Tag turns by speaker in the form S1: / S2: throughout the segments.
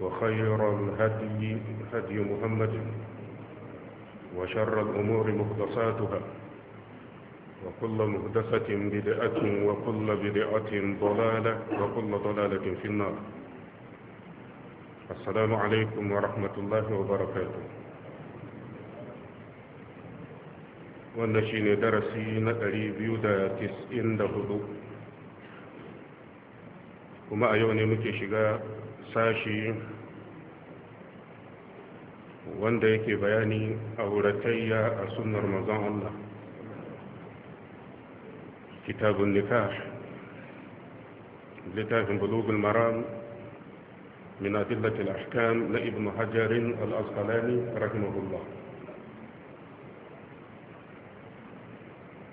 S1: وخير الهدي هدي محمد وشر الأمور مهدساتها وكل مهدسة بدعة وكل بدعة ضلالة وكل ضلالة في النار السلام عليكم ورحمة الله وبركاته ونشين درسين ne يدى تسئن دهدو وما أيوني yau sashi wanda yake bayani auratayya a sunnar mazan Allah kitabun nikah littafin bulugul maram min adillatil ahkam na ibnu hajarin al-asqalani rahimahullah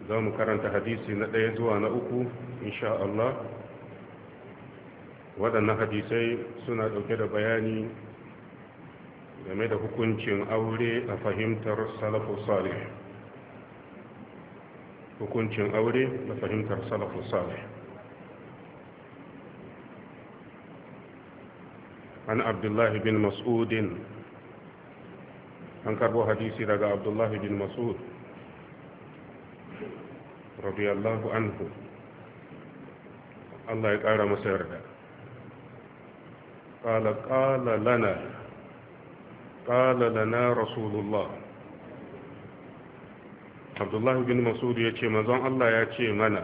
S1: za mu karanta hadisi na ɗaya zuwa na uku insha Allah waɗannan hadisai suna ɗauke da bayani game da hukuncin aure a fahimtar salafu salih hukuncin aure da fahimtar salafu salih an abdullahi bin mas'udin an karbo hadisi daga abdullahi bin mas'ud radiyallahu anhu Allah ya ƙara masa yarda قال قال لنا قال لنا رسول الله عبد الله بن مسعود يتي منزون الله يتي منا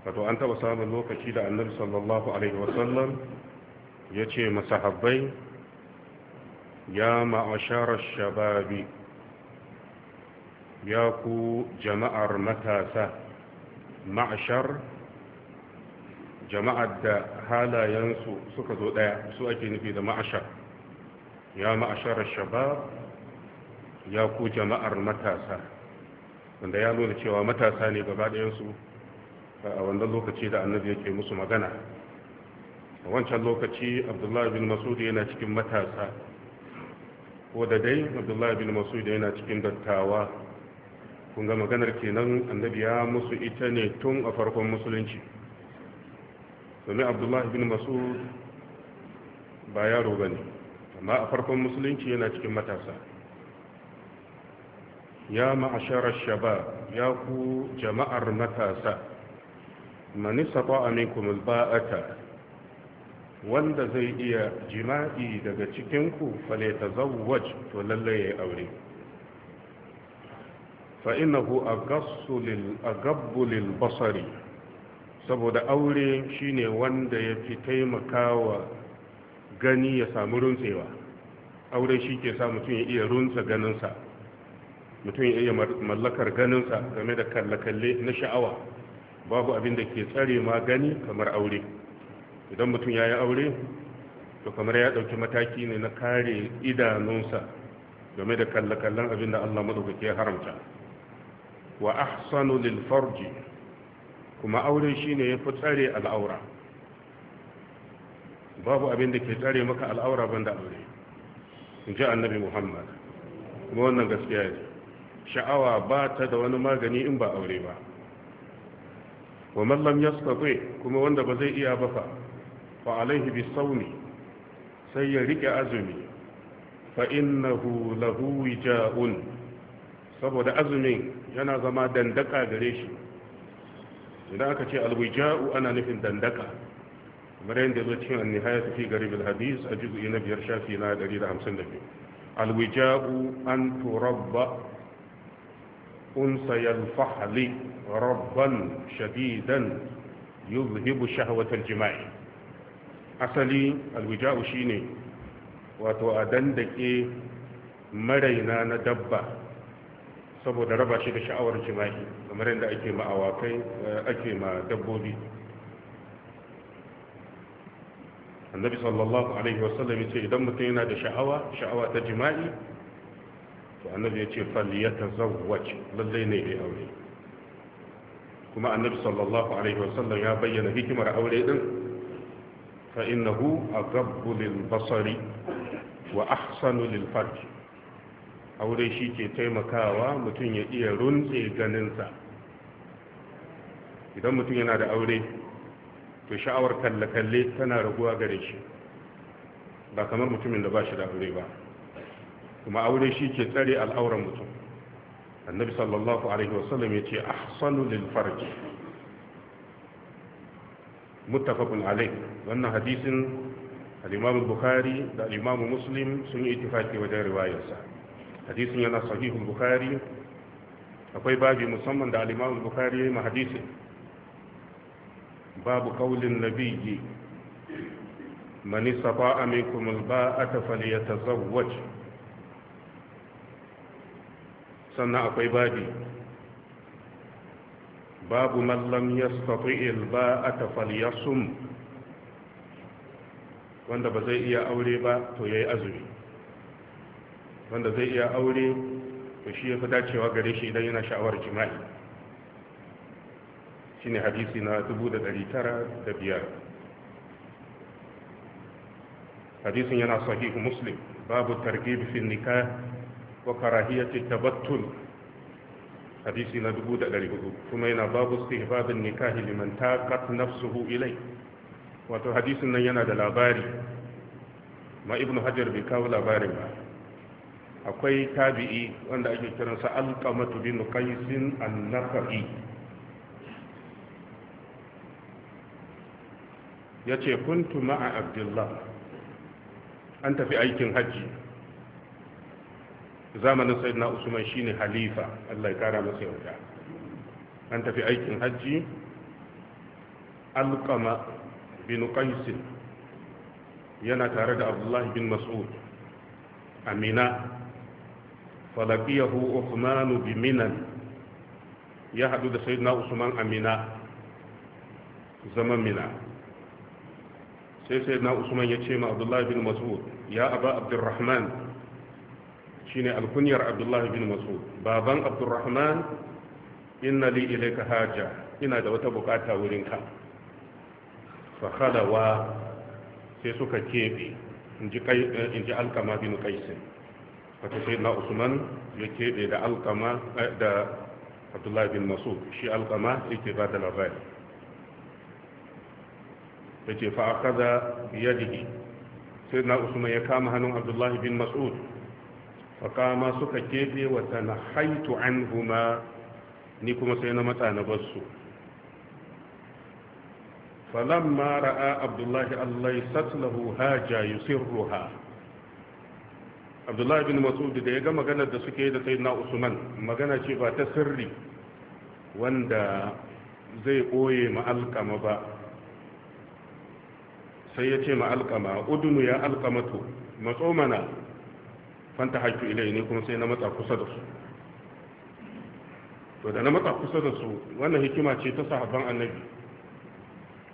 S1: wato an taɓa samun lokaci da annabi sallallahu alaihi wasallam ya ce masahabbai ya ma'asharar shababi ya ku jama'ar matasa ma'ashar jama'ar da halayensu suka zo ɗaya su ake nufi da ma'ashar ya ma'ashar shabab ya ku jama'ar matasa wanda ya nuna cewa matasa ne gaba ɗayansu a wanda lokaci da annabi yake musu magana a wancan lokaci abdullahi bin masudu yana cikin matasa ko da dai abdullahi bin masudu yana cikin dattawa kun ga maganar kenan annabi ya musu ita ne tun a farkon musulunci domin abdullahi bin masud ba yaro ba ne amma a farkon musulunci yana cikin matasa ya ma'asharar shaba ya ku jama'ar matasa manisa ba aminkum ba'ata wanda zai iya jima'i daga cikinku fale ta zawwaj to lallai ya aure fa'inahu a gabbulin basari saboda aure shine wanda ya fi taimakawa gani ya samu runtsewa aure shi ke sa mutum ya iya runtsa ganinsa mutum ya iya mallakar ganinsa game da kalle-kalle na sha'awa babu abin da ke tsare ma gani kamar aure idan mutum ya yi aure to kamar ya ɗauki mataki ne na kare idanunsa game da kalle-kallen abin da allah maɗaukaki ke haramta wa ahsanu lil farji kuma aure shine ya fi tsare al'aura babu abin da ke tsare maka al'aura banda aure in ji annabi muhammad kuma wannan gaskiya ne sha'awa ba ta da wani magani in ba aure ba wa mallam ya kuma wanda ba zai iya ba fa fa alaihi bi sauni sai ya rike azumi fa innahu lahu wija'un saboda azumin yana zama dandaka gare shi idan aka ce alwija'u ana nufin dandaka kamar yadda zo cikin annihaya ta fi garib alhadis a juzu'i na biyar shafi na 152 alwija'u an turabba unsa yalfahli rabban shadidan yuzhibu shahwatal jima'i asali alwija'u shine wato a dandake maraina na dabba saboda raba shi da sha'awar jima'i kamar yadda ake ma awakai eh, ake ma dabbobi annabi sallallahu alaihi wasallam ce idan mutum yana da sha'awa sha'awa ta jima'i to annabi ya ce yace falyatazawwaj lallai ne ya aure kuma annabi sallallahu alaihi wasallam ya bayyana hikimar aure din fa innahu aqabbu lil basari wa ahsanu lil farji aure shi ke taimakawa mutum ya iya runtse ganinsa idan mutum yana da aure to sha'awar kalle-kalle tana raguwa gare shi ba kamar mutumin da ba shi da aure ba kuma aure shi ke tsare al'auran mutum annabi sallallahu alaihi wasallam ya ce ahsanu lil farji muttafaqun wannan hadisin al-imam bukhari da al Musulmi muslim sun yi ittifaki wajen riwayarsa hadisin yana sahihul bukhari akwai babi musamman da al-imam bukhari ya yi ma hadisin babu qaulin nabiyyi ba istata'a minkum al-ba'ata falyatazawwaj sannan akwai babi babu mallam ya man lam yastati' al-ba'ata sun. wanda ba zai iya aure ba to ya yi azumi wanda zai iya aure to shi ya fi dacewa gare shi idan yana sha'awar jima'i shine hadisi na 1905 hadisin yana sahihu muslim babu targhib fi nika wa karahiyati tabattul hadisi na 1400 kuma yana babu istihbabin nikahi liman taqat nafsuhu ilai wato hadisin nan yana da labari ma ibnu hajar bai kawo labarin ba akwai tabi'i wanda ake kiransa alƙamatu bin qaisin an-nafa'i yace kuntu ma'a abdullah an tafi aikin haji zamanin sayyidina usman shine halifa Allah ya kara masa yarda an tafi aikin haji alƙama bin qaisin yana tare da abdullah bin mas'ud amina falakiyahu Uthman bi ya hadu da sayyidina Usman Amina zaman Mina sai sayyidina Usman ya ce ma Abdullah bin Mas'ud ya Aba Abdurrahman shine alkunyar Abdullah bin Mas'ud baban Abdurrahman inna li ilayka haja ina da wata bukata wurinka fa khalawa sai suka kebe eh, in ji alkama bin kaisin wata sai na usman ya keɓe da alkama eh, da abdullahi bin masud shi alkama yake ba da labari ya ce fa'aka da biyadihi sai na usman ya kama hannun abdullahi bin masud kama suka keɓe wata na haitu an huma ni kuma sai na mata na basu falamma ra'a abdullahi allai satlahu haja yusirruha abdullahi bin masud da ya ga maganar da suke da na usman magana ce ba ta sirri wanda zai ɓoye ma ba sai ya ce ma alkama udunu ya alƙamato matso mana fanta haƙƙi ilai ne kuma sai na matsa kusa da su to da na matsa kusa da su wannan hikima ce ta sahabban annabi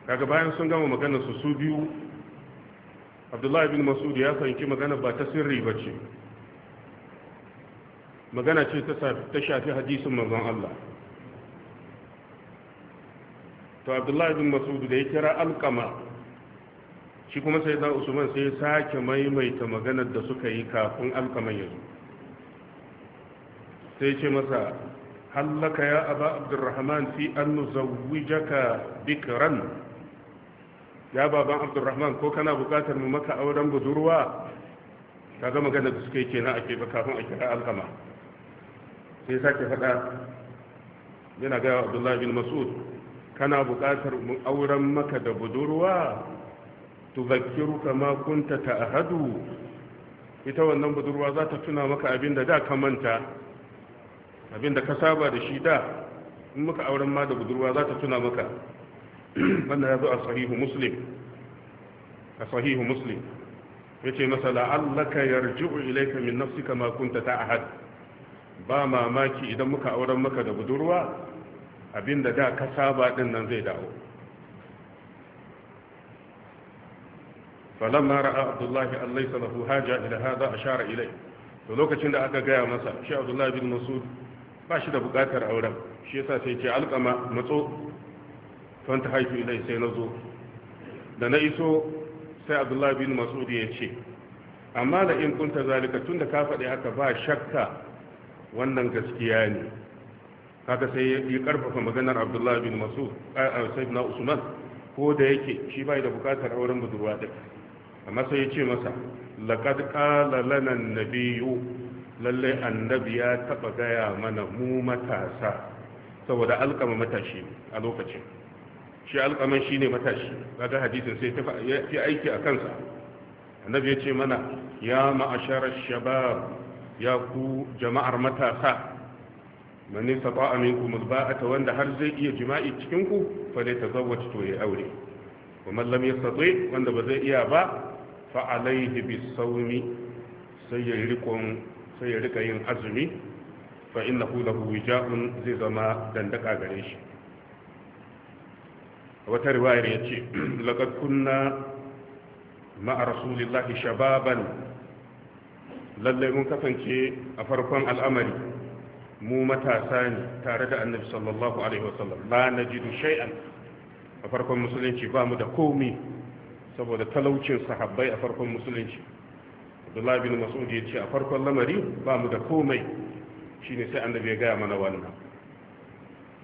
S1: kaga bayan sun gama maganar su su biyu abdullahi bin Masudu ya fahimci magana ba ta sirri ba ce magana ce ta shafi hadisin manzon Allah to abdullahi bin Masudu da ya kira alkama shi kuma sai za usman sai ya sake maimaita maganar da suka yi kafin alkaman yanzu. sai ce masa hallaka ya aba abdurrahman fi an nuzawwijaka bikran ya baban abdurrahman ko kana bukatar mu maka auren budurwa ka ga magana da suke kenan ake ba kafin a kira al'ama sai sake faɗa yana gaya abdullahi bin masud kana bukatar mu auren maka da budurwa tuzakkiru kama kunta ta'ahadu ita wannan budurwa za ta tuna maka abin da da ka manta abin da ka saba da shi da in muka auren ma da budurwa za ta tuna maka wannan ya zo a sahihu muslim a sahihu muslim ya ce masa la'allaka yarji'u ilaika min nafsika ma kunta ta'ahad ba mamaki idan muka auren maka da budurwa abinda da ka saba din nan zai dawo falamma ra'a abdullahi allaysa lahu haja ila hada ashara ilai to lokacin da aka gaya masa shi abdullahi bin masud ba shi da bukatar auren shi yasa sai ce alqama matso don ta haifu ilai sai na zo da na iso sai abdullahi bin mas'ud ya ce amma da in kunta zalika tun da ka faɗi haka ba shakka wannan gaskiya ne haka sai ya karfafa maganar abdullahi bin mas'ud sai na usman ko da yake shi bai da bukatar auren budurwa din amma sai ya ce masa laqad ƙala lana an-nabiyyu annabi ya taɓa gaya mana mu matasa saboda alkama matashi a lokacin shi alƙaman shi ne matashi ta hadisin sai ta fi aiki a kansa annabi ya ce mana ya ma'asharar shabab ya ku jama'ar matasa mani saba aminku mulba'ata wanda har zai iya jima'i cikin ku fa dai tazawwaj to ya aure wa mallam ya yastati wanda ba zai iya ba fa alaihi sauni sai ya rikon sai ya riƙa yin azumi fa innahu lahu wija'un zai zama dandaka gare shi wata riwayar ya ce laƙar kunna ma'a rasulillahi shababan lallai mun kasance a farkon al'amari mu matasa ne tare da annabi sallallahu alaihi wasallam la ji shay'an a farkon musulunci ba mu da komi saboda talaucin sahabbai a farkon musulunci abdullahi bin masudi ya ce a farkon lamari ba mu da komai shine sai annabi ya gaya mana wannan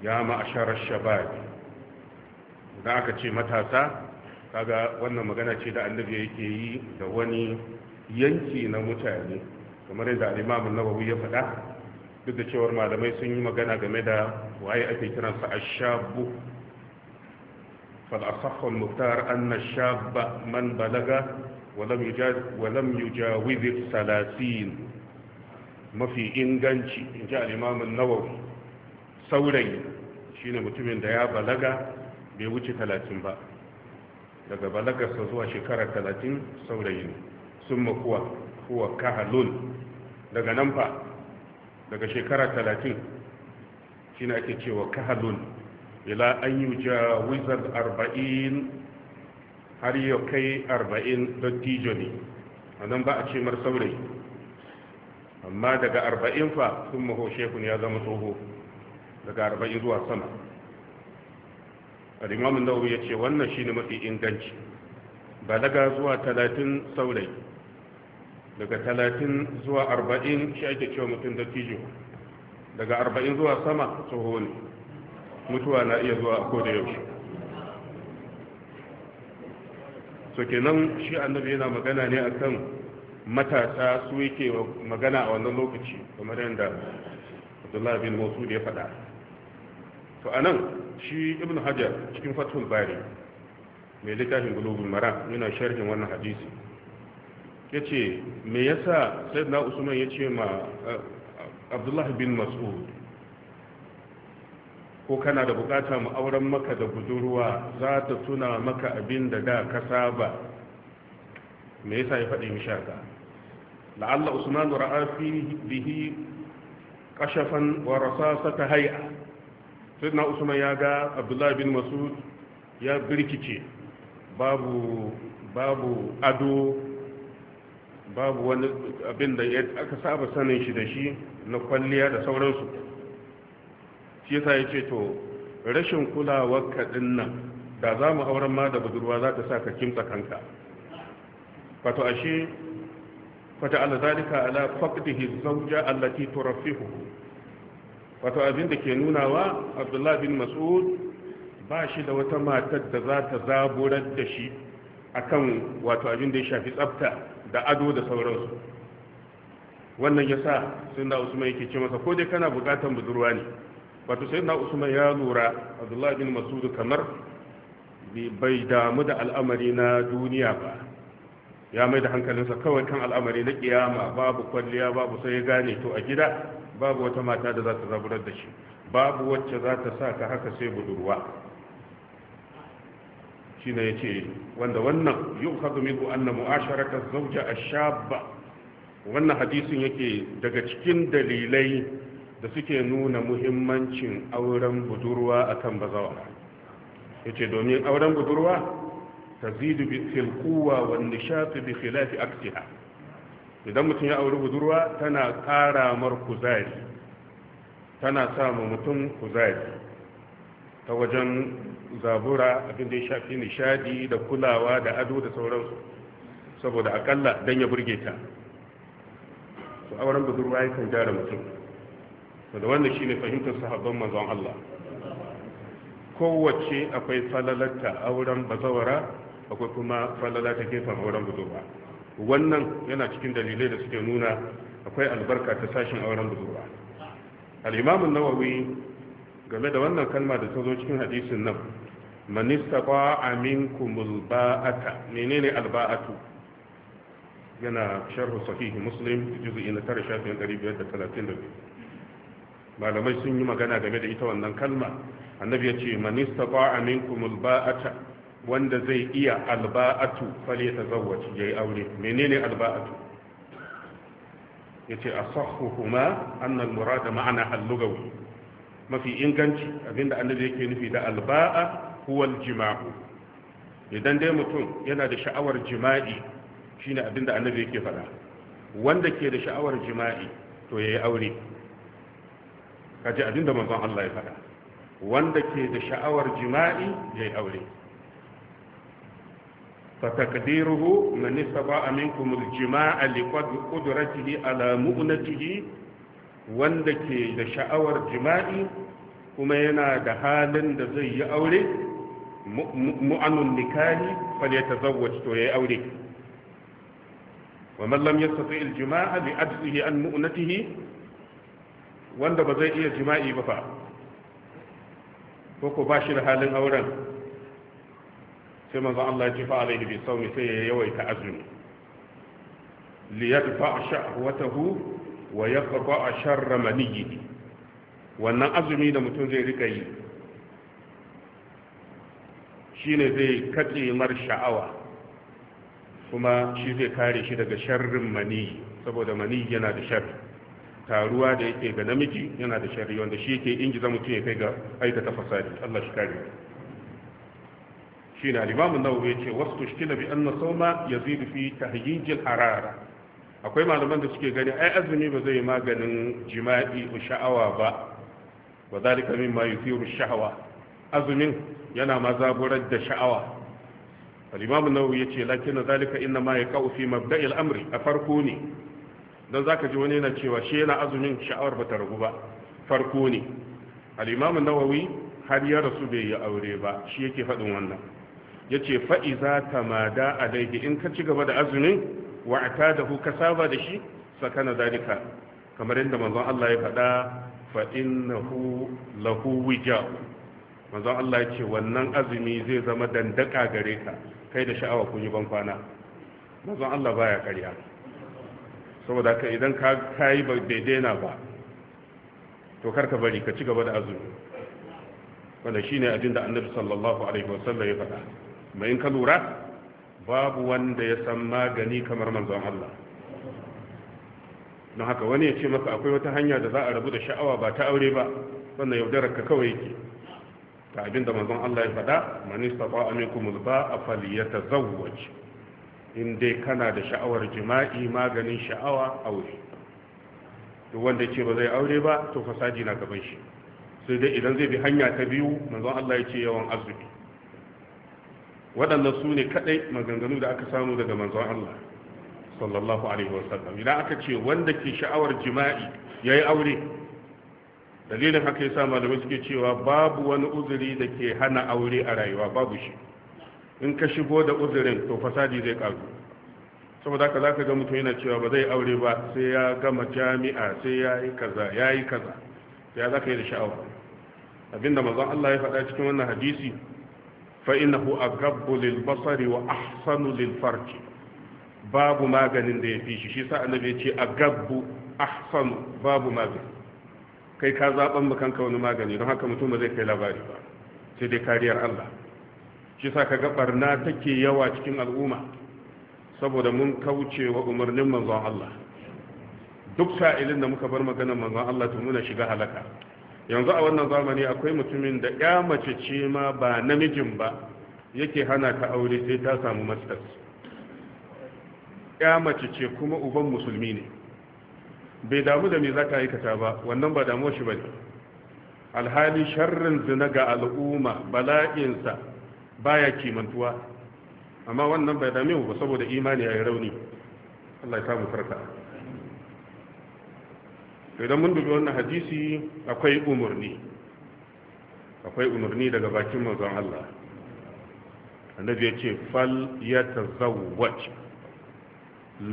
S1: ya ma'ashara shababi da aka ce matasa kaga wannan magana ce da annabi yake yi da wani yanki na mutane kamar yadda al-imam nawawi ya faɗa duk da cewar malamai sun yi magana game da waye ake kiransa ashabu فالأصح المختار أن الشاب man balaga ولم يجاوز ولم يجاوز الثلاثين mafi inganci. إنجنشي إن جاء الإمام saurayi shine mutumin da ya balaga bai wuce talatin ba daga balagarsa zuwa shekara talatin saurayi ne sun makuwa kuwa kahalun daga nan fa daga shekara talatin shi na ake cewa kahalun ila an yi jawizar arba'in har yi kai arba'in dattijo ne a nan ba a ce mar saurayi amma daga arba'in fa sun maho shekun ya zama tsoho daga arba'in zuwa sama al-imam an-nawawi yace wannan shine mafi inganci balaga zuwa 30 saurayi daga 30 zuwa 40 shi ake cewa mutum da tijo daga 40 zuwa sama tsoho ne mutuwa na iya zuwa a koda yaushe so kenan shi annabi yana magana ne akan matasa su yake magana a wannan lokaci kamar yadda Abdullahi bin Masud ya faɗa to anan shi ibn hajar cikin fatul bari mai littafin gulubul Mara, yana sharhin wannan hadisi ya ce me yasa na usman ya ce ma eh, abdullah bin mas'ud ko kana da bukata mu auren maka da budurwa za ta tuna maka abin da da ka saba me yasa ya faɗi mishaka la'alla usman ra'a fihi bihi kashafan wa ta hay'a sayyidina usman ya ga abdullahi bin masud ya birkice babu babu ado babu wani abin da aka saba sanin shi da shi na kwalliya da sauransu shi yasa ya ce to rashin kulawar kaɗin nan da za mu auren ma da budurwa za ta sa ka kimtsa kanka fato ashe fata ala ala faqdihi zawja allati turafihu wato abin da ke nunawa abdullahi bin mas'ud ba shi da wata matar da za ta zaburar da shi akan wato abin da ya shafi tsafta da ado da sauransu wannan ya sa sayyidina usman yake ce masa ko dai kana bukatan budurwa ne wato sayyidina usman ya lura abdullahi bin mas'ud kamar bai damu da al'amari na duniya ba ya mai da hankalinsa kawai kan al'amari na kiyama babu kwalliya babu sai ya gane to a gida babu wata mata da za ta zaburar da shi babu wacce za ta sa ka haka sai budurwa shi ne ya ce wanda wannan yau haka annan mu'asharaka zauja a shabba wannan hadisin yake daga cikin dalilai da suke nuna muhimmancin auren budurwa a kan bazawa. ya ce domin auren budurwa ta zidu bi filkuwa wani shafi bi filafi aksiha idan mutum ya auri budurwa tana ƙara mar kuzari tana samun mutum kuzari ta wajen zabura abin da ya shafi nishadi da kulawa da ado da sauransu saboda akalla don ya burge ta su auren budurwa ya kan gyara mutum da wannan shi ne fahimtar sahabban manzon Allah kowace akwai falalarta auren bazawara akwai kuma falalata gefen auren budurwa wannan yana cikin dalilai da suke nuna akwai albarka ta sashin auren budurwa al-imam nawawi game da wannan kalma da ta zo cikin hadisin nan man istata'a minkumul ba'ata menene al-ba'atu yana sharh sahih muslim juz'i na tara shafin biyu. malamai sun yi magana game da ita wannan kalma annabi ya ce man istata'a minkumul ba'ata wanda zai iya alba'atu fale ta zawwaci ya yi aure menene alba'atu ya ce a sahuhuma annan murada ma'ana hallugawi mafi inganci abinda annabi yake nufi da alba'a huwal jima'u idan dai mutum yana da sha'awar jima'i shine abinda annabi yake faɗa wanda ke da sha'awar jima'i to ya yi aure kaje abinda manzon Allah ya faɗa wanda ke da sha'awar jima'i ya yi aure فتقديره من استطاع منكم الجماع لقدرته على مؤنته wanda ke da sha'awar jima'i kuma yana da halin da zai yi aure mu'anun nikali fal yatazawwaj to yayi aure wa man lam yastati al jima'a bi ajzihi wanda ba zai iya jima'i ba fa ko ba shi da halin auren sai manzon Allah ya ce fa alaihi bi sawmi sai ya yawaita azumi li yadfa shahwatahu wa yaqba sharra maniyihi wannan azumi da mutum zai rika yi shine zai katse mar sha'awa kuma shi zai kare shi daga sharrin maniyi saboda maniyi yana da sharri taruwa da yake ga namiji yana da sharri wanda shi yake ingiza mutum ya kai ga aikata fasadi Allah shi kare
S2: shine al-imam an-nawawi yace wasu shkila bi anna sawma yazidu fi tahyij al-harara
S1: akwai malaman da suke gani ai azumi ba zai maganin jima'i ko sha'awa ba wa zalika mimma yuthiru ash-shahwa azumin yana ma da sha'awa al-imam an-nawawi yace lakin zalika inna ma yaqau fi mabda'i al-amri a farko ne dan zaka ji wani yana cewa shi yana azumin sha'awar bata ragu ba farko ne al-imam an-nawawi har ya rasu bai yi aure ba shi yake faɗin wannan Ya ce yace fa iza tamada alayhi in ka ci gaba da azumin wa atadahu ka saba da shi sakana ka kamar yadda manzon Allah ya faɗa fa innahu lahu wija manzon Allah ya ce wannan azumi zai zama dandaka gare ka kai da sha'awa kun yi ban kwana manzon Allah baya karya saboda ka idan ka kai ba daidaina ba to karka bari ka ci gaba da azumi wanda shine abinda annabi sallallahu alaihi wasallam ya faɗa kuma in ka lura babu wanda ya san magani kamar manzon Allah don haka wani ya ce maka akwai wata hanya da za a rabu da sha'awa ba ta aure ba wannan yaudarar ka kawai yake ta abin da manzon Allah ya faɗa man ba a alba'a falyatazawwaj in dai kana da sha'awar jima'i maganin sha'awa aure duk wanda ce ba zai aure ba to fasaji na gaban shi sai dai idan zai bi hanya ta biyu manzon Allah ya ce yawan azumi waɗannan su ne kaɗai maganganu da aka samu daga manzon Allah sallallahu alaihi wasallam idan aka ce wanda ke sha'awar jima'i ya yi aure dalilin haka yasa malamai suke cewa babu wani uzuri da ke hana aure a rayuwa babu shi in ka shigo da uzurin to fasadi zai karu saboda haka zaka ga mutum yana cewa ba zai aure ba sai ya gama jami'a sai ya yi kaza ya yi kaza ya zaka yi da sha'awa abinda manzon Allah ya faɗa cikin wannan hadisi فإنه أقرب للبصر وأحسن للفرج باب ما غنين ده يفي شي شيسا النبي يجي أقرب أحسن باب ما غنين kai ka zaben mu kanka wani magani don haka mutum zai kai labari ba sai dai kariyar Allah shi sa ka ga barna take yawa cikin al'umma saboda mun kauce wa umarnin manzon Allah duk sa'ilin da muka bar maganar manzon Allah to muna shiga halaka yanzu a wannan zamani akwai mutumin da ya mace ce ma ba namijin ba yake hana ta aure sai ta samu masters ya mace ce kuma uban musulmi ne bai damu da me za ta aikata ba wannan ba damuwa shi ba ne alhali sharrin zina ga al'umma bala'insa ba ya kimantuwa amma wannan bai damu mu ba saboda imani ya yi rauni Allah ya samu farka to idan mun dubi wannan hadisi akwai umarni akwai umarni daga bakin manzon Allah annabi ya ce fal ya tazawwaj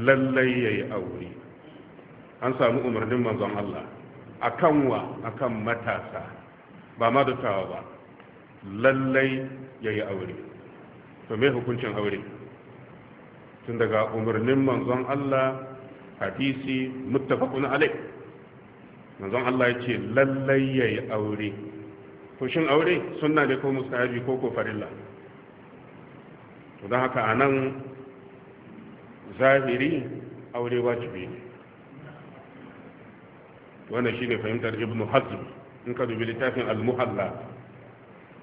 S1: lallai ya aure an samu umarnin manzon Allah akan wa akan matasa ba ma dattawa ba lallai yayi aure to me hukuncin aure tun daga umarnin manzon Allah hadisi muttafaqun alai manzon Allah ya ce lallai ya yi aure to shin aure sunna ne ko mustahabi ko ko farilla to don haka a nan zahiri aure wajibi ne wannan shine fahimtar ibnu hazm in ka dubi littafin al-muhalla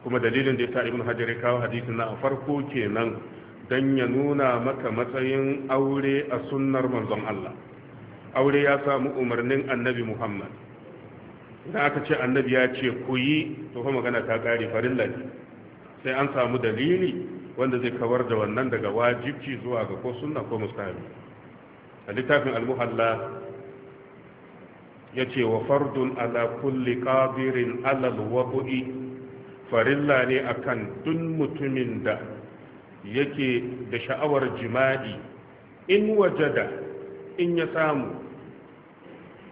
S1: kuma dalilin da ya sa Ibn hajar ya kawo hadisi na farko kenan dan ya nuna maka matsayin aure a sunnar manzon Allah aure ya samu umarnin annabi Muhammad idan aka ce annabi ya ce ku yi to magana ta kare farilla ne sai an samu dalili wanda zai kawar da wannan daga wajibci zuwa ga ko sunna ko mustahabi a littafin al-muhalla ya ce wa fardun ala kulli qadirin ala al-wabu'i farilla ne akan dun mutumin da yake da sha'awar jima'i in wajada in ya samu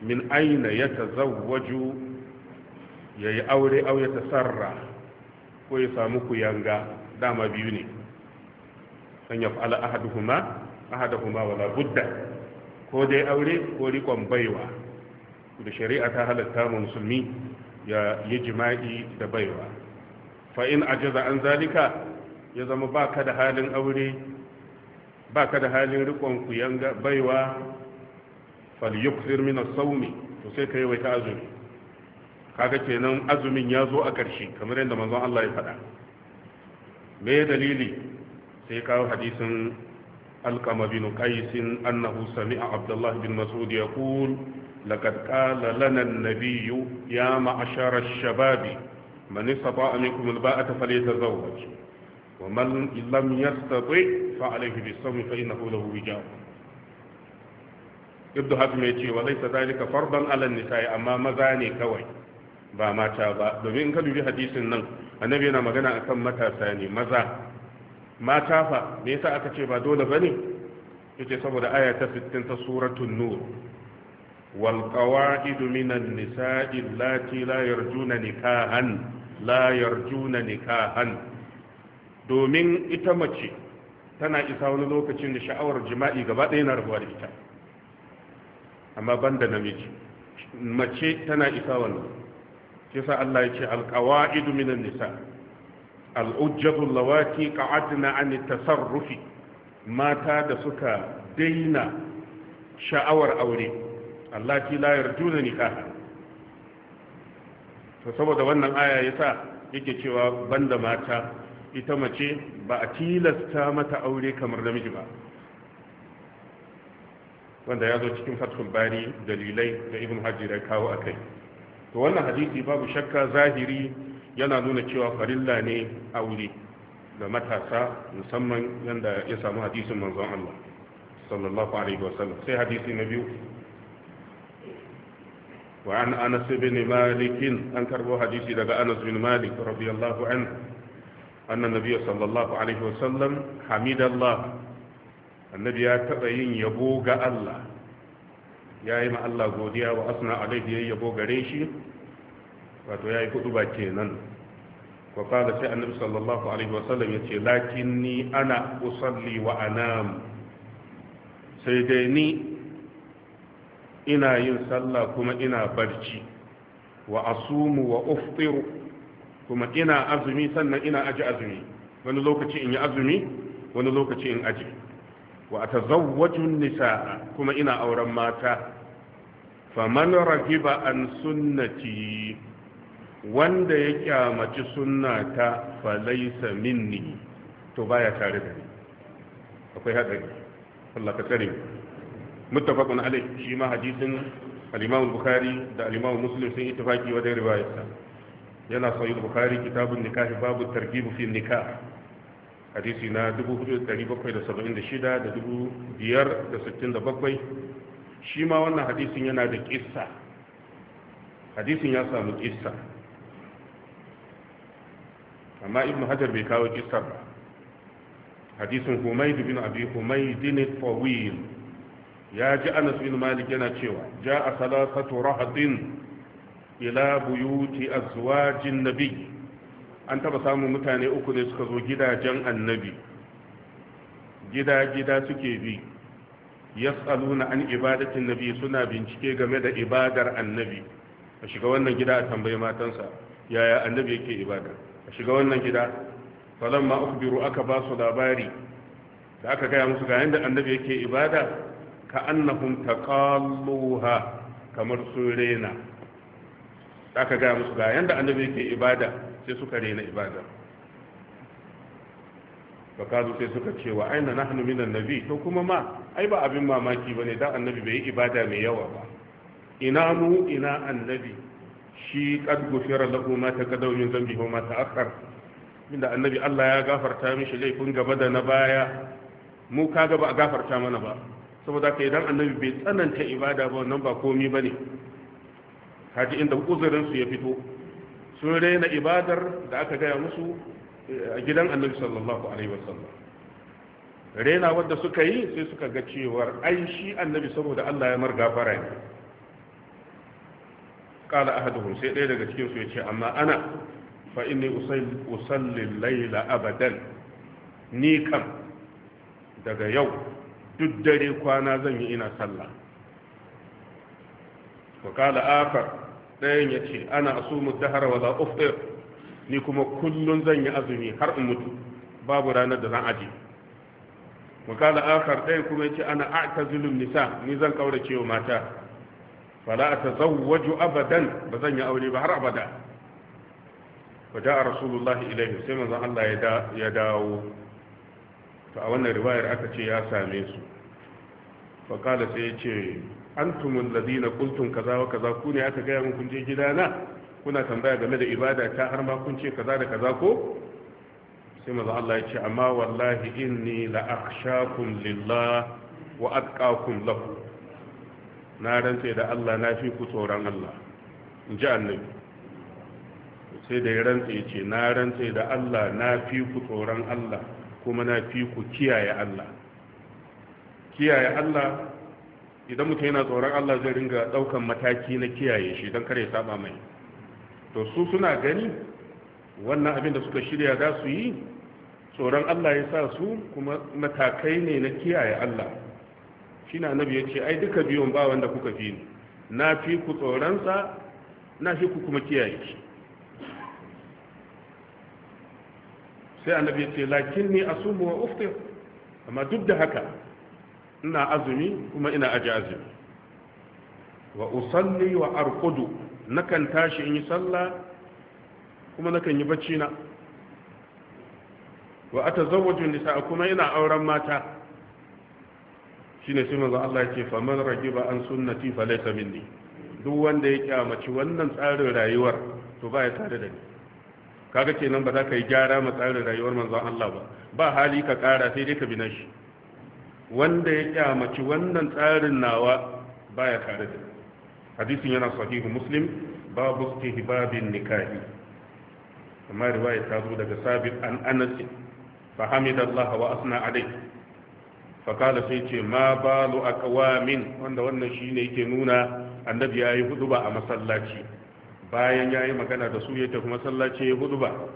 S1: min aina ya tazawwaju ya yi aure au ya tasarra ko ya samu kuyanga dama biyu ne an ya fa'ala ahaduhuma ahaduhuma wala budda ko dai aure ko rikon baiwa da shari'a ta halatta musulmi ya yi jima'i da baiwa fa in ajaza an zalika ya zama baka da halin aure baka da halin rikon kuyanga baiwa falyukfir min as-sawmi to sai ka yawaita azumi kaga kenan azumin ya zo a ƙarshe kamar yadda manzon Allah ya faɗa me dalili sai kawo hadisin alqama bin qais annahu sami'a abdullah bin mas'ud yaqul laqad qala lana an-nabiy ya ma'ashara ash-shababi man istata'a minkum al-ba'ata falyatazawwaj ومن لم يستطع فعليه بالصوم فإنه له وجاء ibnu hazm ya ce wa laysa zalika fardan ala nisa'i amma maza ne kawai ba mata ba domin ka dubi hadisin nan annabi yana magana akan matasa ne maza mata fa me yasa aka ce ba dole Ya yace saboda aya ta 60 ta suratul nur wal nisaɗi, minan nisa'i allati la yarjuna nikahan la yarjuna nikahan domin ita mace tana isa wani lokacin da sha'awar jima'i gaba ɗaya na rabuwa da ita amma da namiji mace tana isa wannan shi sa Allah ya ce alqawaidu minan nisa al'ujjatul lawati qa'adna an tasarrufi mata da suka daina sha'awar aure Allah ki la yarjuna nikaha to saboda wannan aya yasa yake cewa banda mata ita mace ba a tilasta mata aure kamar namiji ba wanda ya zo cikin fathul bari dalilai da ibn hajji da kawo a kai to wannan hadisi babu shakka zahiri yana nuna cewa farilla ne a wuri da matasa musamman yanda ya samu hadisin manzon Allah sallallahu alaihi wasallam sai hadisi na biyu wa an anas bin malik an karbo hadisi daga anas bin malik radiyallahu anhu anna nabiyyu sallallahu alaihi wasallam hamidallah annabi ya taɓa yin yabo ga Allah ya yi Allah godiya wa asna alaihi ya yabo gare shi wato ya yi kudu ba kenan wa kada sai annabi sallallahu alaihi wasallam ya ce lakin ni ana usalli wa anam sai dai ni ina yin sallah kuma ina barci wa asumu wa uftiru kuma ina azumi sannan ina aji azumi wani lokaci in yi azumi wani lokaci in aji wa ta atazawwajun nisaa kuma ina auren mata faman ragiba an sunnati wanda ya kyamaci sunnata falaisa minni to baya tare da ni akwai haɗari, Allah ka tsare muttafaqun alayh shi ma hadisin al-Imam Bukhari da al-Imam Muslim sun ittifaki wajen riwayarsa yana sahih Bukhari kitabun nikah babu targhib fi nikah hadisi na 4776 da 567 shi ma wannan hadisin yana da kissa hadisin ya samu kissa amma ibn hajar bai kawo kissar ba hadisin humaid bin abi humaid fawil ya ji anas bin malik yana cewa ja a salasatu rahadin ila buyuti azwajin nabi an taba samun mutane uku ne suka zo gidajen annabi gida-gida suke bi ya tsaluna an ibadatin nabi suna bincike game da ibadar annabi a shiga wannan gida a tambayi matansa yaya annabi yake ibada a shiga wannan gida falon ma biro aka ba su labari da aka gaya musu ga yadda annabi yake ibada ka ta taqalluha kamar su rena aka gaya musu ga yadda annabi yake ibada sai suka rena ibada ba kazu sai suka ce wa aina nahnu minan nabi? to kuma ma ai ba abin mamaki bane dan annabi bai yi ibada mai yawa ba ina mu ina annabi shi kad gufira lahu ma taqaddaw min dhanbihi wa ma ta'akhkhar inda annabi Allah ya gafarta mishi laifin gaba da na baya mu kaga ba a gafarta mana ba saboda kai dan annabi bai tsananta ibada ba wannan ba komi bane haji inda uzurin su ya fito sun raina ibadar da aka gaya musu eh, a gidan annabi sallallahu alaihi wasallam raina wadda suka yi sai suka ga cewar ai shi annabi saboda Allah ya marga fara ne qala ahaduhum sai ɗaya daga cikin su ce amma ana fa inni usalli layla abadan ni kam daga yau duk dare kwana zan yi ina sallah wa kala ɗayan ya ce ana asumu dahara wa za uftir ni kuma kullum zan yi azumi har in mutu babu ranar da zan aje wakala akar ɗaya kuma ya ce ana zulum nisa ni zan kaurace wa mata fala atazawwaju abadan ba zan yi aure ba har abada a rasulullahi ilaihi sai mazan Allah ya dawo to a wannan riwayar aka ce ya same su fakala sai ya ce antumul ladina qultum kaza wa kaza ku ne aka gaya mun kun je gidana kuna tambaya game da ibada ta har ma kun ce kaza da kaza ko sai manzo Allah ya ce amma wallahi inni la akhshakum lillah wa atqakum lahu na rantse da Allah na fi ku tsoron Allah in ji annabi sai da ya rantse ya ce na rantse da Allah na fi ku tsoron Allah kuma na fi ku kiyaye Allah kiyaye Allah idan mutum yana tsoron Allah zai ringa daukan mataki na kiyaye shi don kare saba mai to su suna gani wannan abin da suka shirya za su yi tsoron Allah ya sa su kuma matakai ne na kiyaye Allah shi na nabi ya ce ai duka biyun ba wanda kuka fi ni na fi ku tsoronsa na fi ku kuma kiyaye shi sai annabi ya ce lakin ni asumu wa uftir amma duk da haka ina azumi kuma ina aji azumi wa usalli wa arqudu nakan tashi in yi sallah kuma nakan yi bacci na wa atazawwaju nisa kuma ina auren mata shine sai manzo Allah yake fa man ragiba an sunnati fa laysa minni duk wanda ya kyamaci wannan tsarin rayuwar to ba ya tare da ni kaga kenan ba za ka yi gyara ma tsarin rayuwar manzon Allah ba ba hali ka kara sai dai ka bi nashi shi wanda ya kyamaci wannan tsarin nawa baya tare da hadisin yana sahihu muslim babu istihbabin nikahi amma riwaya ta zo daga sabit an anasi fa Allah wa asna alai fa kala sai ce ma balu aqwamin wanda wannan shine yake nuna annabi yayi huduba a masallaci bayan yayi magana da su ya tafi masallaci ya huduba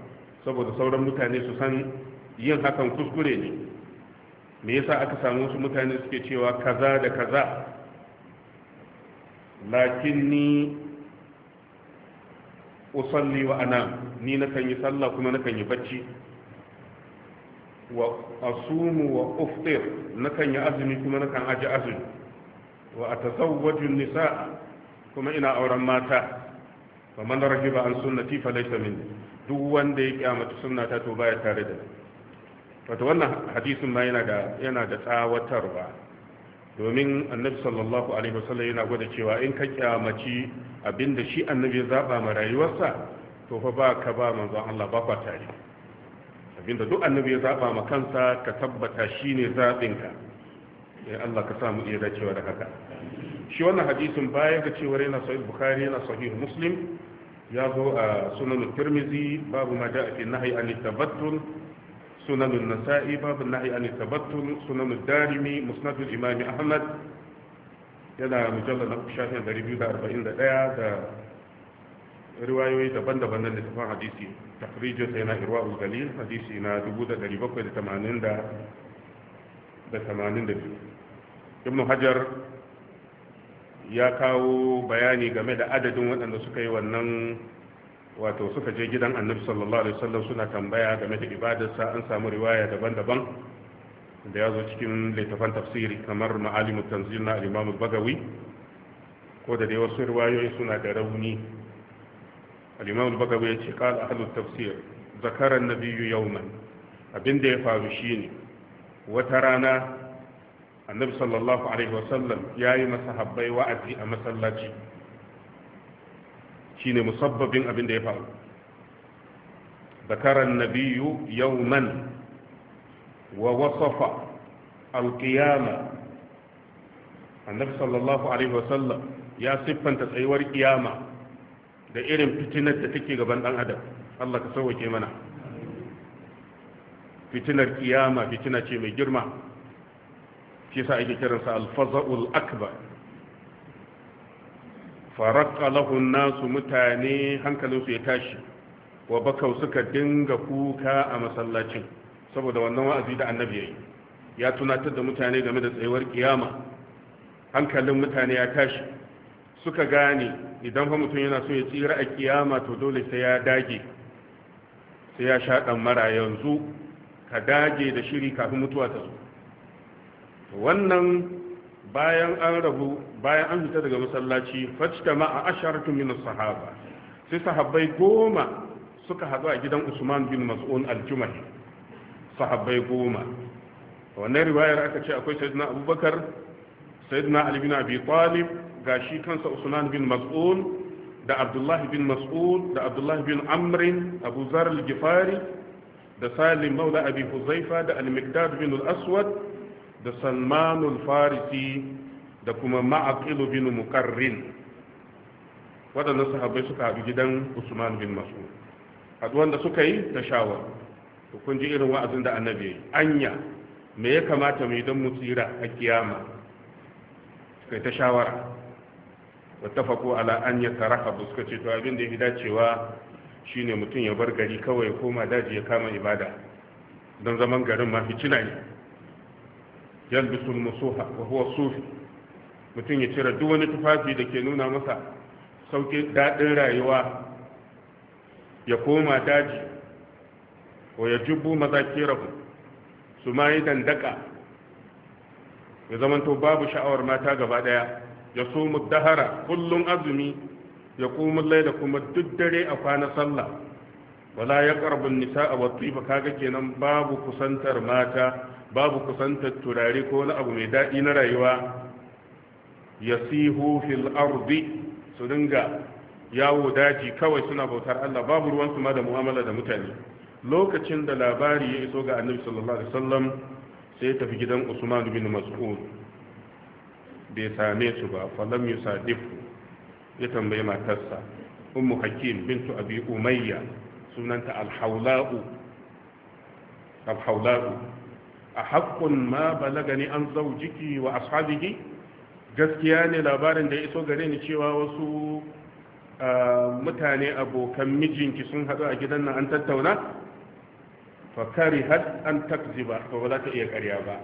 S1: saboda sauran mutane su san yin hakan kuskure ne me yasa aka samu wasu mutane suke cewa kaza da kaza lakin ni usalli wa ana ni nakan yi sallah kuma nakan yi bacci wa asumu wa uftir nakan yi azumi kuma nakan aji azumi wa atasawwaju nisa kuma ina auren mata wa man rahiba an sunnati fa laysa minni duk wanda ya kyamata sunnata to baya tare da ni Bata wannan hadisin ma yana da yana da tsawatarwa domin annabi sallallahu alaihi wasallam yana gwada cewa in ka kyamaci abinda shi annabi ya zaba ma rayuwarsa to fa ba ka ba manzon Allah ba kwa tare abinda duk annabi ya zaba ma kansa ka tabbata shine zabin ka ya eh, Allah ka samu iya dacewa da haka shi wannan hadisin baya ga cewa yana sahih bukhari yana sahih muslim ya zo a sunan tirmizi babu ma ja'a fi nahyi an tabattul sunan nasa'i babu nahi an tabattul sunan darimi musnad al ahmad yana mujallal na shafin 241 da riwayoyi daban-daban na littafin hadisi takrijin sai na irwa galil hadisi na 1782 ibn hajar ya kawo bayani game da adadin waɗanda suka yi wannan wato suka je gidan annabi sallallahu alaihi wasallam suna tambaya game da ibadarsa an samu riwaya daban-daban da ya zo cikin littafan tafsiri kamar ma'alimu tanzil na al-imam bagawi ko da dai wasu riwayoyi suna da rauni al-imam bagawi ya ce qala ahlu tafsir zakara an-nabiyyu yawman abinda ya faru shine wata rana annabi sallallahu alaihi wasallam yayi masahabbai wa'azi a masallaci shine musabbabin abin da ya faru zakarar nabiyu يوما ووصف wasafa النبي صلى الله عليه وسلم ya siffanta tsayuwar قيامة da irin fitinar da take gaban dan adam Allah ka sauwake mana fitinar kiyama fitina ce mai girma shi sa ake kiransa alfaza'ul akbar faraka lahun nasu mutane hankalinsu ya tashi wa bakau suka dinga kuka a masallacin saboda wannan wa'azi da annabi ya yi ya tunatar da mutane game da tsayuwar kiyama hankalin mutane ya tashi suka gane idan fa mutum yana so ya tsira a kiyama to dole sai ya dage sai ya sha mara yanzu ka dage da shiri kafin mutuwa ta zo wannan bayan an rabu bayan an fita daga masallaci fajtama a asharatu min sahaba sai sahabbai goma suka haɗu a gidan Usman bin Mas'un al-Jumahi sahabbai goma wannan riwayar aka ce akwai sayyidina Abubakar sayyidina Ali bin Abi Talib gashi kansa Usman bin Mas'un da Abdullahi bin Mas'ud da Abdullahi bin amrin Abu Zar al da Salim Maula Abi Huzaifa da Al-Miqdad bin al-Aswad da salmanul farisi da kuma ma'aqilu bin mukarrin waɗannan sahabbai suka haɗu gidan usman bin mas'ud haɗuwan wanda suka yi ta shawar to kun ji irin wa'azin da annabi ya yi anya me ya kamata mu idan don mu tsira a kiyama suka yi ta shawara wattafaqu ala an yatarahabu suka ce to abin da ya dacewa shine mutum ya bar gari kawai ya koma daji ya kama ibada don zaman garin ma cina ne yalbisul musuha wa huwa sufi mutum ya cire duk wani tufafi da ke nuna masa sauƙi daɗin rayuwa ya koma daji wa ya jubbu mazakirahu su ma yi dandaka ya zamanto babu sha'awar mata gaba ɗaya ya sumu dahara kullum azumi ya kumun laida kuma duk dare a kwana sallah
S2: wala ya karbin nisa a watsi kaga kenan babu kusantar mata babu kusantar turare ko wani abu mai daɗi na
S1: rayuwa ya sihu fil ardi su dinga yawo daji kawai suna bautar Allah babu ruwan ma da mu'amala da mutane lokacin da labari ya iso ga annabi sallallahu alaihi wasallam sai tafi gidan Usman bin Mas'ud bai same su ba falam yusadifu ya tambayi matarsa ummu hakim bintu abi umayya sunanta al-hawla'u al-hawla'u a haƙƙun ma عن an zaujiki wa gaskiya ne labarin da ya iso gare ni cewa wasu ah, mutane abokan mijinki sun haɗu a gidan nan an tattauna fakari had an takziba to ba za ta iya ƙarya ba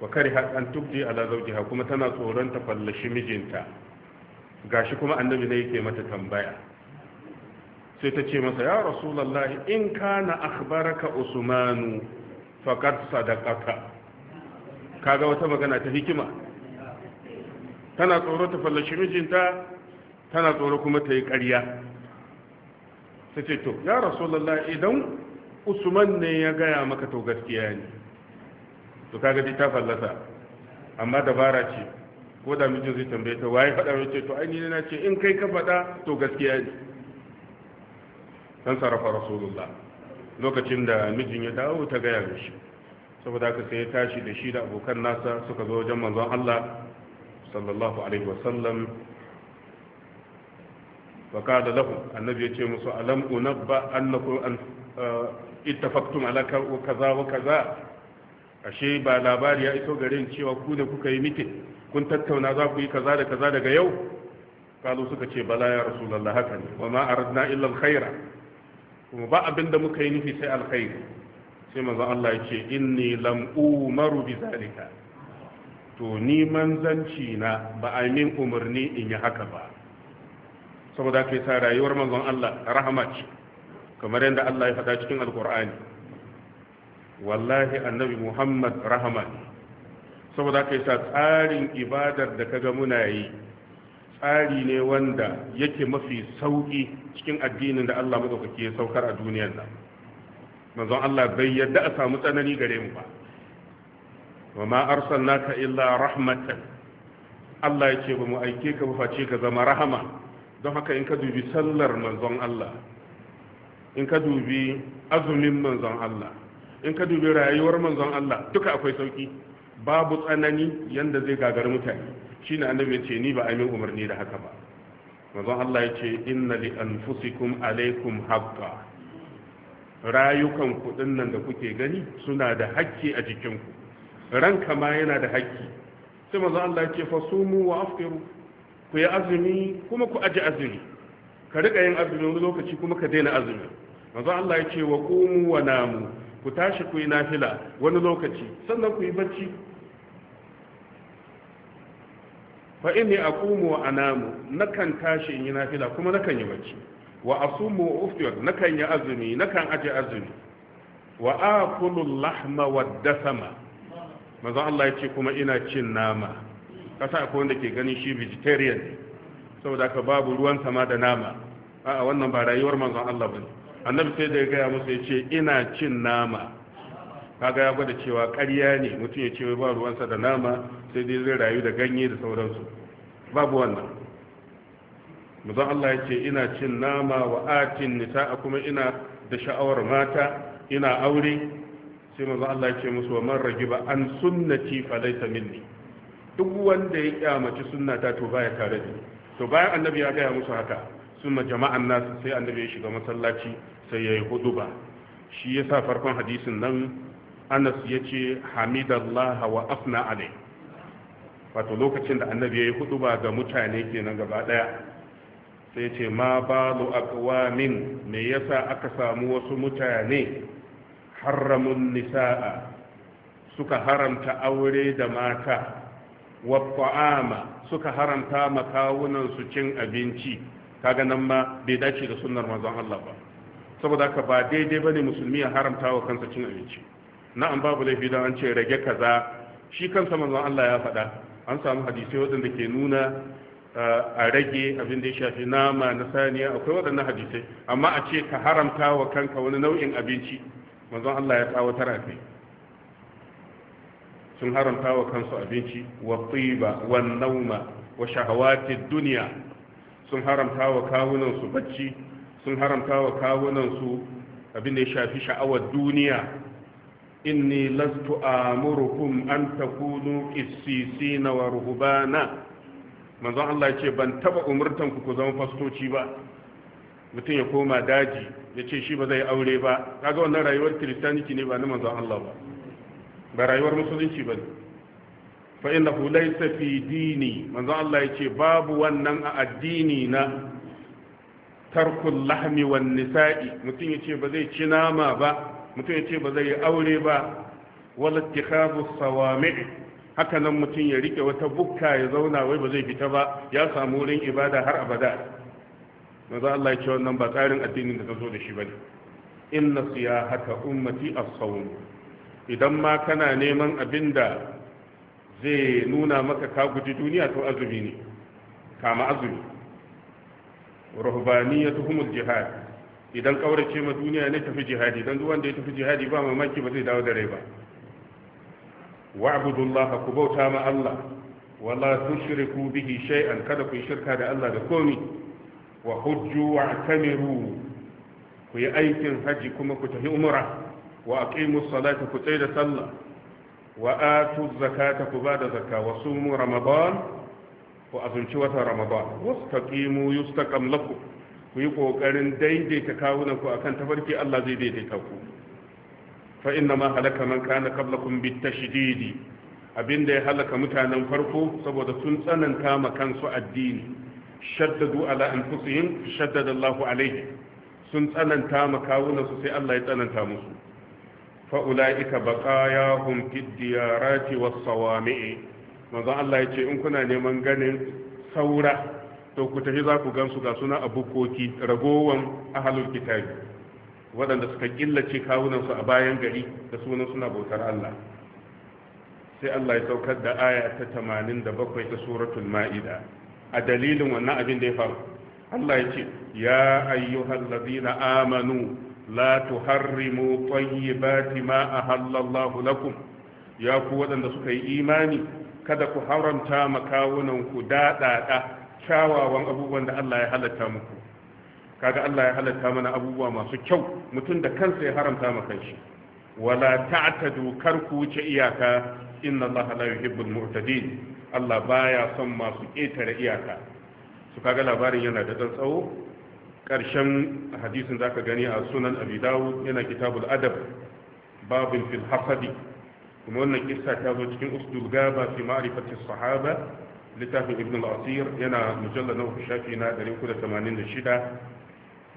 S1: fakari had an tubji ala kuma tana tsoron ta fallashi mijinta gashi kuma annabi ne yake mata tambaya sai ta ce masa ya rasulallah in kana akhbaraka usmanu faƙar sadakata kaga wata magana ta hikima tana tsoro ta fallashi mijinta tana tsoro kuma ta yi ƙarya ta ce to ya rasulallah idan usman ne ya gaya maka to gaskiya ne to kaga dai ta fallasa amma dabara ce ko da mijin zai tambaye ta waye faɗa wace to ainihin na ce in kai ka faɗa to gaskiya ne dan sarrafa rasulullah lokacin da mijin ya dawo ta gaya da shi saboda haka sai ya tashi da shi da abokan nasa suka zo wajen manzon Allah sallallahu alaihi wasallam fa qala lahu annabi ya ce musu alam unabba annakum an uh, ittafaqtum ala kaza wa kaza ashe ba labari ya iso garin cewa ku ne kuka yi mitin kun tattauna za ku yi kaza da kaza daga yau kalu suka ce bala ya rasulullah haka ne wa ma aradna illa alkhaira kuma ba abin da muka yi nufi sai alkhairi sai manzo Allah ya ce inni lam umaru bi zalika to ni manzanci na ba a min umarni in yi haka ba saboda kai sa rayuwar manzon Allah rahama kamar yadda Allah ya faɗa cikin alkur'ani wallahi annabi Muhammad rahama ne saboda kai sa tsarin ibadar da kaga muna yi tsari ne wanda yake mafi sauƙi cikin addinin da Allah madaukaki ya saukar a duniyar nan manzon Allah bai yadda a samu tsanani gare mu ba wa ma arsalnaka illa rahmatan Allah yake ba mu aike ka ba face ka zama rahama don haka in ka dubi sallar manzon Allah in ka dubi azumin manzon Allah in ka dubi rayuwar manzon Allah duka akwai sauki babu tsanani yanda zai gagari mutane na annabi ya ce ni ba amin umarni da haka ba mazan Allah ya ce inna li anfusikum alaikum haqqa rayukan kudin nan da kuke gani suna da hakki a jikinku ranka ma yana da hakki sai mazan Allah ya ce fasumu wa afkiru ku yi azumi kuma ku aji azumi ka riƙa yin azumi wani lokaci kuma ka daina azumi mazan Allah ya ce wa wa namu ku tashi ku yi nafila wani lokaci sannan ku yi bacci fa inni aqumu wa anamu nakan tashi in yi nafila kuma nakan yi bacci wa asumu wa uftir nakan yi azumi nakan aje azumi wa akulu lahma wa dasama manzo Allah yace kuma ina cin nama kasa akwai wanda ke gani shi vegetarian ne saboda ka babu ruwan sama da nama a'a wannan ba rayuwar manzo Allah bane annabi sai da ya gaya musu yace ina cin nama kaga ya gwada cewa ƙarya ne mutum ya ce ba ruwansa da nama sai dai zai rayu da ganye da sauransu babu wannan mazan Allah ya ce ina cin nama wa atin nisa'a kuma ina da sha'awar mata ina aure sai maza Allah ya ce musu wa man ragiba an sunnati falaita minni duk wanda ya kyamaci sunnata to baya tare da ni to bayan annabi ya gaya musu haka sun ma jama'an nasu sai annabi ya shiga masallaci sai ya yi huduba shi yasa farkon hadisin nan anas ya ce hamidallah wa afna alai wato lokacin da annabi yayi hudu ba ga mutane kenan gaba daya sai ce ma ba balu min me yasa aka samu wasu mutane haramun nisaa suka haramta aure da mata wa suka haramta makawunan su cin abinci kaga nan ma bai dace da sunnar manzon Allah ba saboda haka ba daidai bane musulmi ya haramta wa kansa cin abinci na'am babu laifi dan an ce rage kaza shi kansa manzon Allah ya faɗa an samu hadisai waɗanda ke nuna eh, a rage abin da ya shafi nama na saniya akwai waɗannan hadisai amma a ce ka haramta wa kanka wani nau'in abinci manzon Allah ya tsawatar a kai sun haramta wa kansu abinci wa tsiba wa nauma wa shahawati duniya sun haramta wa kawunansu bacci sun haramta wa kawunansu abin da ya shafi sha'awar duniya inni lastu amurukum an takunu qissisina wa ruhbana manzo Allah ce ban taba umurtan ku ku zama fastoci ba mutum ya koma daji ya ce shi ba zai aure ba kaga wannan rayuwar kristaniki ne ba na manzo Allah ba ba rayuwar musulunci ba fa innahu laysa fi dini manzo Allah ce babu wannan a addini na tarkul lahmi wan nisa'i mutum ya ce ba zai ci nama ba mutum ya ce ba zai yi aure ba wala tikhabu sawami haka nan mutum ya rike wata bukka ya zauna wai ba zai fita ba ya samu wurin ibada har abada manzo Allah ya ce wannan ba tsarin addinin da ka zo da shi bane inna siyahata ummati as-sawm idan ma kana neman abinda zai nuna maka ka guji duniya to azumi ne kama azumi ruhbaniyatuhumul jihad idan kaurace ma duniya ne tafi jihadi dan duk wanda ya tafi jihadi ba mamaki ba zai dawo da rai ba Wa wa'budullaha ku bauta ma Allah wala tushriku bihi shay'an kada ku shirka da Allah da komi wa hujju wa'tamiru ku yi aikin haji kuma ku tafi umra wa aqimu salata ku tsaya da sallah wa atu zakata ku da zakka wa sumu ramadan ku azumci wata ramadan wastaqimu yustaqam lakum ku yi ƙoƙarin daidaita kawunan ku akan tafarki Allah zai daidaita ku fa inna ma halaka man kana qablakum bitashdidi abinda ya halaka mutanen farko saboda sun tsananta ma kansu addini shaddadu ala anfusihim shaddada Allahu alaihi sun tsananta ma kawunan su sai Allah ya tsananta musu fa ulaika baqayahum fid diyarati was sawami'i manzo Allah ya ce in kuna neman ganin saura to ku tafi za ku gansu ga suna a bukkoki ragowan ahalul kitabi waɗanda suka killace kawunansu a bayan gari da sunan suna bautar Allah sai Allah ya saukar da aya ta 87 ta suratul ma'ida a dalilin wannan abin da ya faru Allah ya ce ya ayyuhal ladina amanu la tuharrimu tayyibati ma ahallallahu lakum ya ku waɗanda suka yi imani kada ku haramta makawunan ku daɗaɗa kyawawan abubuwan da Allah ya halatta muku kaga Allah ya halatta mana abubuwa masu kyau mutum da kansa ya haramta maka shi wala ta'tadu kar ku wuce iyaka inna Allah la yuhibbul mu'tadin Allah baya son masu ƙetare iyaka su kaga labarin yana da dan tsawo karshen hadisin zaka gani a sunan abi dawud yana kitabul adab babin fil hasadi kuma wannan kissa ta zo cikin usdul gaba fi ma'rifati sahaba littafin ibn al-asir yana mujallar na uku shafi na 386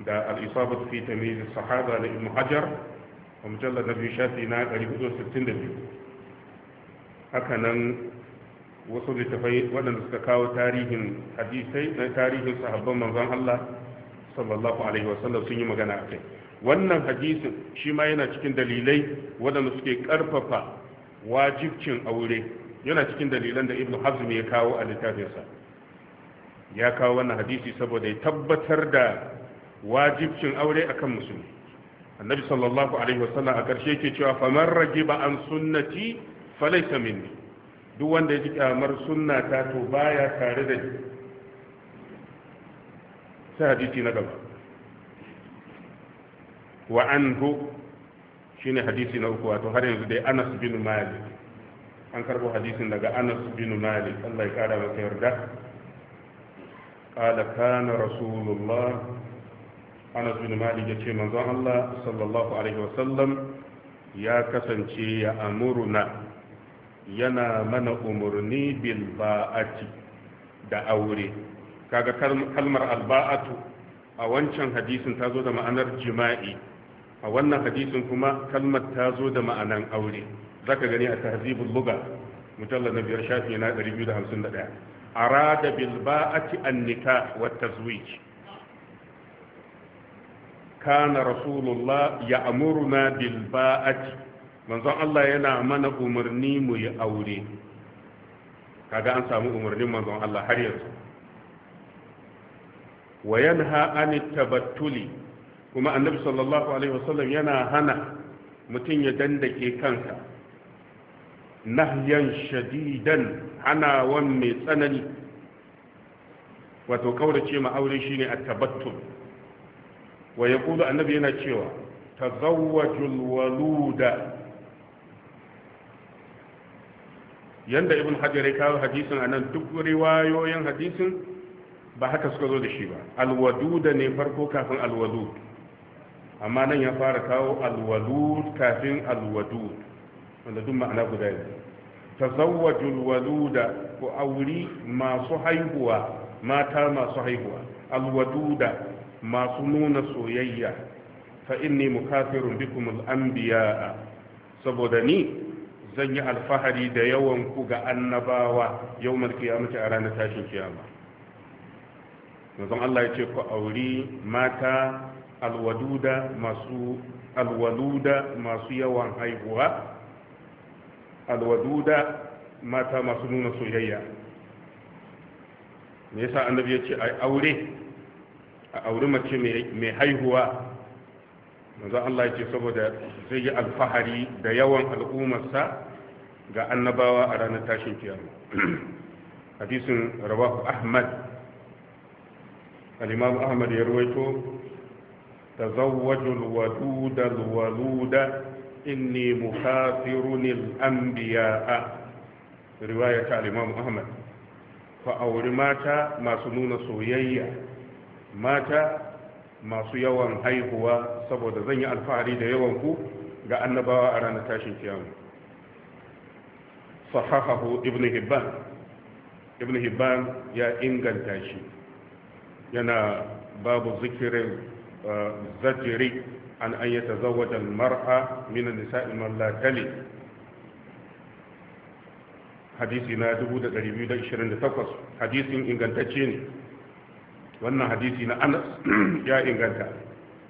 S1: da al-isabat fi tamyiz sahaba na ibn hajar a mujalla na biyu shafi na 462 haka nan wasu littafai waɗanda suka kawo tarihin hadisai na tarihin sahabban manzon Allah sallallahu alaihi wasallam sun yi magana a kai wannan hadisin shi ma yana cikin dalilai waɗanda suke ƙarfafa wajibcin aure yana cikin dalilan da ibnu hazm ya kawo a littafinsa ya kawo wannan hadisi saboda ya tabbatar da wajibcin aure akan musulmi annabi sallallahu alaihi wasallam a karshe yake cewa faman ragiba an sunnati falaysa minni duk wanda ya ji kyamar sunna ta to baya tare da ni sai hadisi na gaba wa anhu shine hadisi na uku wato har yanzu dai Anas bin Malik an karbo hadisin daga anas bin malik allah ya kara masa yarda qala kana rasulullah anas bin malik ya ce manzon allah sallallahu alaihi wasallam ya kasance ya amuruna yana mana umarni bil ba'ati da aure kaga kalmar alba'atu a wancan hadisin ta zo da ma'anar jima'i a wannan hadisin kuma kalmar ta zo da ma'anan aure zaka gani a tahzibul buga mujallal na biyar shafi na 251 arada bil ba'ati an nikah wa tazwij kana rasulullah ya'muruna bil ba'ati manzon Allah yana mana umarni mu yi aure kaga an samu umarnin manzon Allah har yanzu wa yanha an tabattuli kuma annabi sallallahu alaihi wasallam yana hana mutum ya dandake kanka. nahyan shadidan hanawan mai tsanani wato kaurace ma aure shine at-tabattul wa yaqulu annabi yana cewa tazawwajul waluda yanda ibn hajjar ya kawo hadisin anan duk riwayoyin hadisin ba haka suka zo da shi ba alwaduda ne farko kafin alwadud amma nan ya fara kawo alwadud kafin alwadud wanda duk ma'ana guda ne tazawwajul waluda ku auri masu haihuwa mata masu haihuwa alwaduda masu nuna soyayya fa inni mukafirun bikum al-anbiya saboda ni zan yi alfahari da yawan ku ga annabawa yawmal qiyamati a ranar tashin kiyama manzon Allah ya ce ku auri mata alwaduda masu alwaluda masu yawan haihuwa alwaduda mata masu nuna soyayya me yasa annabi ya ce a aure a auri mace mai haihuwa manzo Allah ya ce saboda zai yi alfahari da yawan al'ummarsa ga annabawa a ranar tashin kiyama hadisin rawahu ahmad al-imam ahmad ya ruwaito tazawwajul waduda inni muhafirun al a, riwaya ta Imam Ahmad fa auri mata masu nuna soyayya mata masu yawan haihuwa saboda zan yi alfahari da yawan ku ga annabawa a ranar tashin kiyama sahahahu ibn hibban ibn hibban ya inganta shi yana babu zikirin zajiri an an ya tazawwaja al-mar'a min an-nisa'i man la tali hadisi na 2228 hadisin ingantacce ne wannan hadisi na Anas ya inganta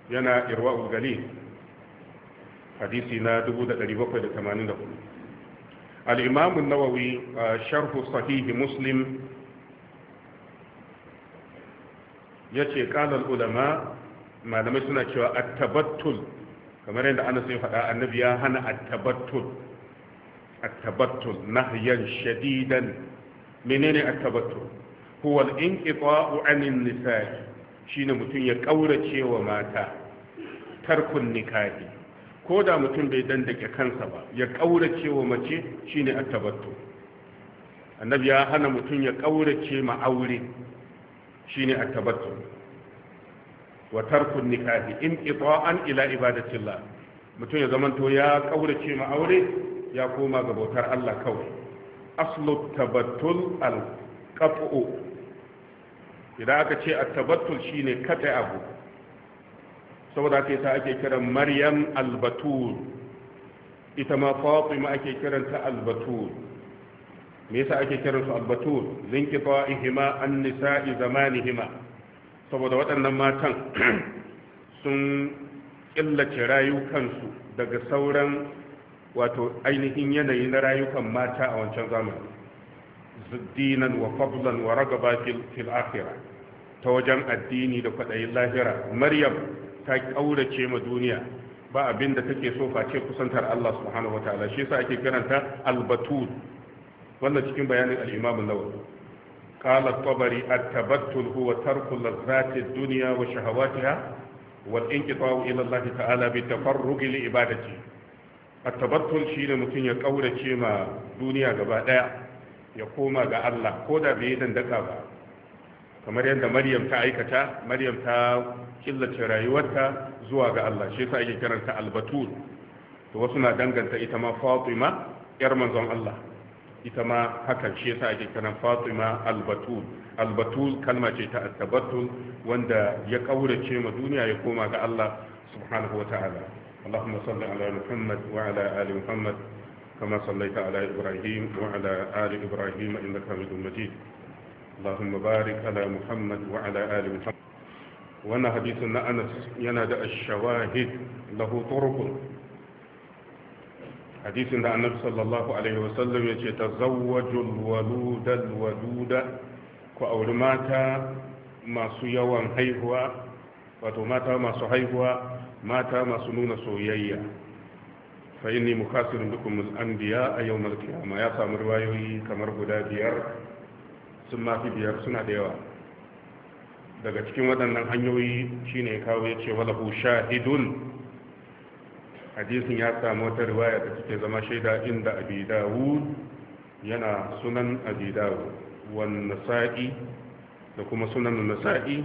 S1: yana irwa'ul galil hadisi na 1784 al-imam an-nawawi sharh sahih muslim ya ce al-ulama malamai suna cewa attabattul kamar yadda ana sai faɗa annabi ya hana attabattul attabattul nahyan shadidan menene attabattul huwa al-inqita'u 'anil nisa' shine mutum ya kaurace wa mata tarkun nikahi ko da mutum bai dandake kansa ba ya kaurace wa mace shine attabattul annabi ya hana mutum ya kaurace ma aure shine attabattul wa tarkun nikahi in qita'an ila ibadatillah mutum ya zamanto ya kaurace ma aure ya koma ga bautar Allah kawai aslu tabattul al qat'u idan aka ce at tabattul shine kata abu saboda ake ta ake kiran maryam al batul ita ma fatima ake ta al batul me yasa ake kiransu al batul linqita'ihima an nisa'i zamanihima saboda waɗannan matan sun killace rayukansu daga sauran wato ainihin yanayi na rayukan mata a wancan zamani ziddinan wa fablan wa ragaba fil akhirah ta wajen addini da kwaɗayin lahira maryam ta ƙaurace ma duniya ba abin da take so face kusantar Allah subhanahu ta'ala shi yasa ake karanta albatul wannan cikin bayanin al-imam an-nawawi قال الطبري التبتل هو ترك لذات الدنيا وشهواتها والانقطاع الى الله تعالى بالتفرغ لعبادته التبتل شيء متين ya kaurace ma duniya gaba ɗaya ya koma ga Allah ko da bai dan daka ba kamar yadda Maryam ta aikata Maryam ta killace rayuwarta zuwa ga Allah shi yasa ake kiranta albatul to wasu na danganta ita ma Fatima yar manzon Allah ita ma hakan shi yasa ake kiran Fatima al-Batul al-Batul kalma ce ta at-tabattul wanda ya kaurace ma duniya ya koma ga Allah subhanahu wa wataala Allahumma salli ala Muhammad wa ala ali Muhammad kama sallaita ala Ibrahim wa ala ali Ibrahim innaka Hamidum Majid Allahumma barik ala Muhammad wa ala ali Muhammad wannan hadisin na Anas yana da ash-shawahid lahu turqun hadisin da annabi sallallahu alaihi wasallam ya ce tazawwajul waludal waluda ku auri mata masu yawan haihuwa wato mata masu haihuwa mata masu nuna soyayya fa inni mukasirun bikum al-anbiya a yawmal qiyamah ya samu riwayoyi kamar guda biyar sun mafi biyar suna da yawa daga cikin waɗannan hanyoyi shine kawo ya ce walahu shahidun hadisin ya samu wata riwaya da take zama shaida inda abi dawud yana sunan abi dawud wan nasa'i da kuma sunan nasa'i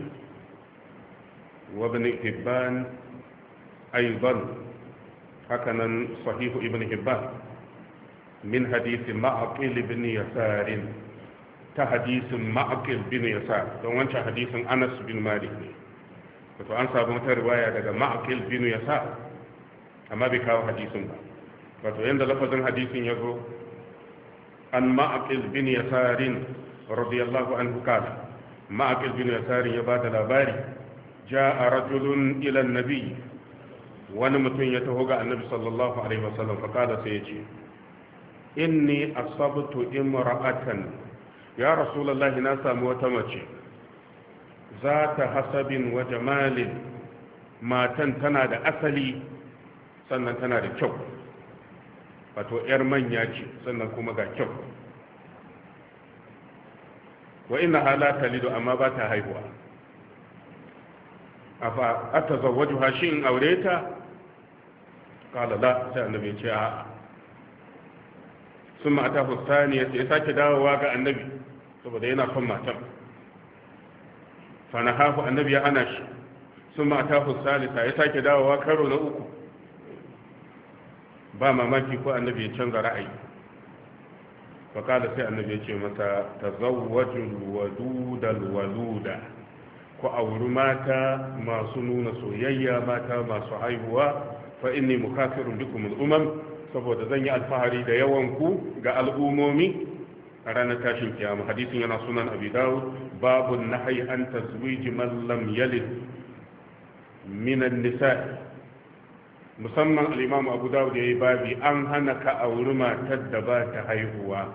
S1: wa ibn hibban aidan hakanan sahihu ibn hibban min hadisi ma'aqil ibn yasar ta hadisin ma'aqil ibn yasar don wancan hadisin anas bin malik ne wato an samu wata riwaya daga ma'aqil ibn yasar amma bai kawo hadisin ba wato yanda lafazin hadisin ya zo an ma'aqil bin yasarin radiyallahu anhu kana ma'aqil bin yasarin ya bada labari ja a rajulun ila nabi wani mutum ya taho ga annabi sallallahu alaihi wasallam fa kada sai ya ce inni asabtu imra'atan ya rasulullahi na samu wata mace za ta hasabin wa jamalin matan tana da asali sannan tana da kyau wato 'yar manya ce sannan kuma ga kyau wa ina hala Lido, amma ba ta haihuwa afa a ta ha shi in aure ta kala la sai annabi ce a summa ata hustani ya sake dawowa ga annabi saboda yana son matan fa nahafu annabi ya hana shi ta ata hustani ya sake dawowa karo na uku ba mamaki ko annabi ya canza ra'ayi faƙada sai annabi ya ce mata ta zawajin wadudal waluda ku auri mata masu nuna soyayya mata masu haihuwa fa inni mukafirun bikum al'umam saboda zan yi alfahari da yawan ku ga al'ummomi? a ranar tashin kiyama hadisin yana sunan abi babu na haihanta tazwiji man lam yalid min nisa musamman al'imamu abu dawud ya yi babi an hana ka auri matar da ba ta haihuwa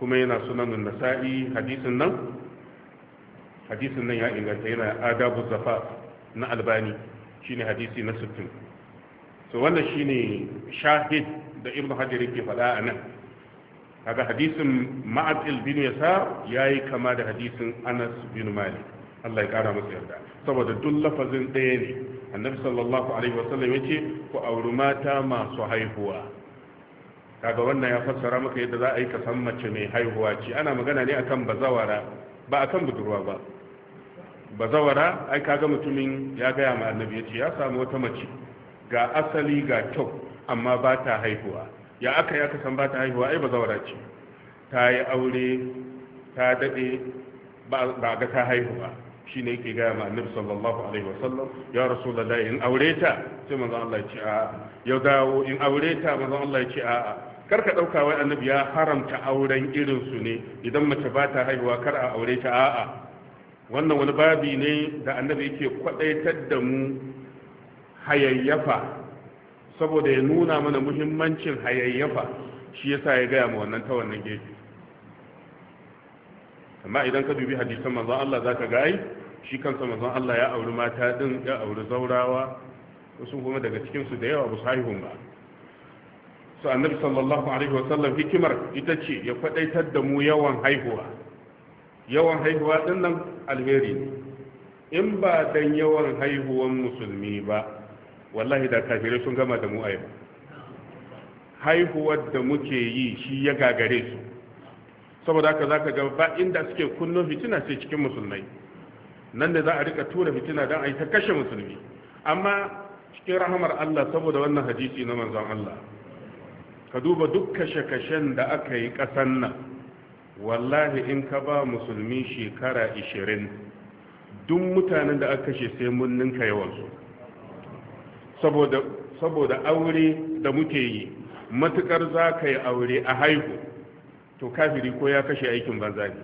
S1: kuma yana sunan nasa'i hadisin nan hadisin nan ya inganta yana adabu zafa na albani shine hadisi na 60 so wannan shine shahid da ibnu hajar yake faɗa a nan kaga hadisin ma'ad bin yasar yayi kama da hadisin anas bin malik Allah ya kara masa yarda saboda duk lafazin ɗaya ne annabi sallallahu alaihi wasallam yace ku auri mata masu haihuwa kaga wannan ya fassara maka yadda za a yi ka mace mai haihuwa ce ana magana ne akan bazawara ba akan budurwa ba bazawara ai kaga mutumin ya gaya ma annabi yace ya samu wata mace ga asali ga kyau amma ba ta haihuwa ya aka yi aka ba ta haihuwa ai bazawara ce ta yi aure ta daɗe ba ga ta haihuwa shine yake gaya ma annabi sallallahu alaihi sallam ya rasulullahi in aure ta sai manzo Allah ya ce a'a ya dawo in aure ta manzo Allah ya ce a'a kar ka dauka wai annabi ya haramta auren irin su ne idan mace ba ta haihuwa kar a aure ta a'a wannan wani babi ne da annabi yake kwadaitar da mu hayayyafa saboda ya nuna mana muhimmancin hayayyafa shi yasa ya gaya ma wannan ta wannan gefe amma idan ka dubi hadisan manzon Allah zaka ga ai shi kansa manzon Allah ya auri mata din ya auri zaurawa wasu kuma daga cikinsu da yawa ba haihun ba su annabi sallallahu alaihi wa hikimar ita ce ya kwadaitar da mu yawan haihuwa yawan haihuwa ɗin nan alheri ne in ba dan yawan haihuwan musulmi ba wallahi da kafirai sun gama da mu a yau haihuwar da muke yi shi ya gagare su saboda haka ka ga ba inda suke kunnun fitina sai cikin musulmai nan da za a rika tura fitina don a yi ta kashe musulmi amma cikin rahamar Allah saboda wannan hadisi na manzon Allah ka duba duk kashe-kashen da aka yi ƙasan nan wallahi in ka ba musulmi shekara 20 duk mutanen da aka kashe sai mun ninka yawansu saboda saboda aure da muke yi matukar za ka yi aure a haihu to kafiri ko ya kashe aikin banza ne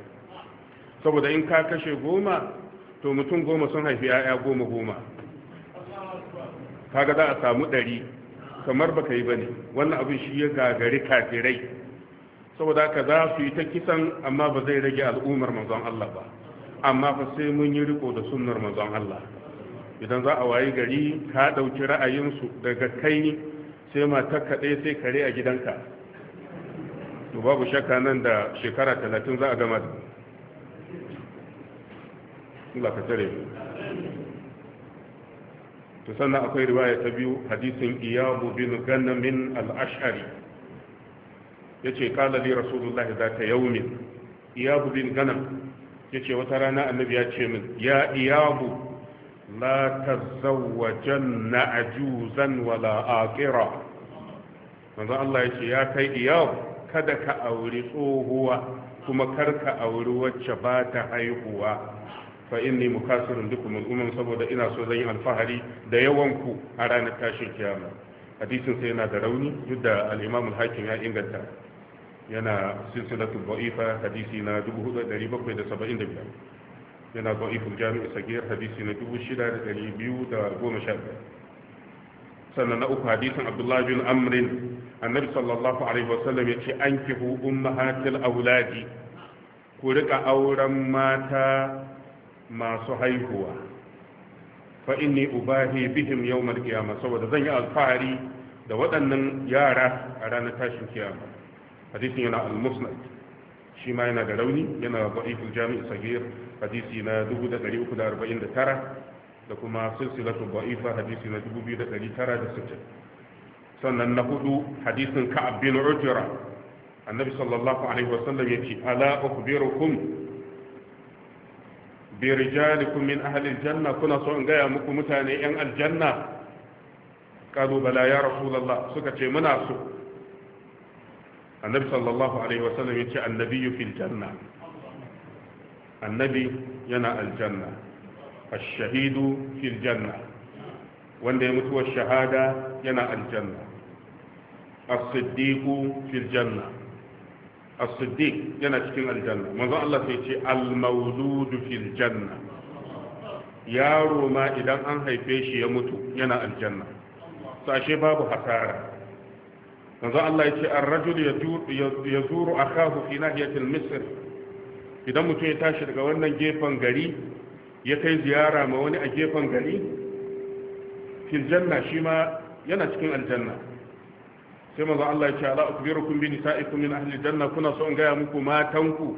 S1: saboda in ka kashe goma to mutum goma sun haifi 'ya'ya goma goma kaga za a samu ɗari kamar baka yi ba ne wannan abin shi ya gagari kafirai saboda haka za su yi ta kisan amma ba zai rage al'ummar manzon Allah ba amma fa sai mun yi riko da sunnar manzon Allah idan za a wayi gari ka ɗauki ra'ayinsu daga kai sai mata kaɗai sai kare a gidanka to babu shakka nan da shekara talatin za a gama Allah ka tare mu to sannan akwai riwaya ta biyu hadisin iyabu bin ganamin al-ash'ari yace qala li rasulullahi ta yawmin iyabu bin ganam yace wata rana annabi ya ce min ya iyabu la tazawwajanna ajuzan wala akira
S2: manzo Allah yace ya kai iyabu
S1: kada ka auri tsohuwa kuma kar ka auri wacce ba ta haihuwa fa inni mukasirun dukum al-umam saboda ina so zan yi alfahari da yawan ku a ranar tashin kiyama hadisin sai yana da rauni duk da al-imam al-hakim ya inganta yana silsilatul da'ifa hadisi na 4775 yana da'iful jami'i sagir hadisi na 6215 sannan na uku hadisin abdullahi bin amrin annabi sallallahu alaihi wasallam yace ankihu ummahatil auladi ku rika auren mata masu haihuwa fa inni ubahi bihim yawmal qiyama saboda zan yi alfahari da waɗannan yara a ranar tashin kiyama hadisin yana al-musnad shi ma yana da rauni yana da'iful jami' sagir hadisi na 1349 da kuma silsilatu da'ifa hadisi na 2960 sannan na hudu hadisin ka'ab bin ujra annabi sallallahu alaihi wasallam yace ala ukhbirukum bi rijalikum min ahli aljanna kuna so in gaya muku mutane yan aljanna qalu bala ya rasulullah suka ce muna so annabi sallallahu alaihi wasallam yace annabiyyu fil janna annabi yana aljanna ash-shahidu fil janna wanda ya mutuwa shahada yana aljanna as-siddiqu fil janna as-siddiq yana cikin aljanna manzon Allah sai ce al-mawludu fil janna yaro ma idan an haife shi ya mutu yana aljanna sashe babu hasara manzon Allah ya ce ar-rajul yazuru akahu fi nahiyati misr idan mutum ya tashi daga wannan gefen gari ya kai ziyara ma wani a gefen gari fil janna shi ma yana cikin aljanna sai manzo Allah ya ce ala kun bi nisaikum min ahli janna kuna so in gaya muku matanku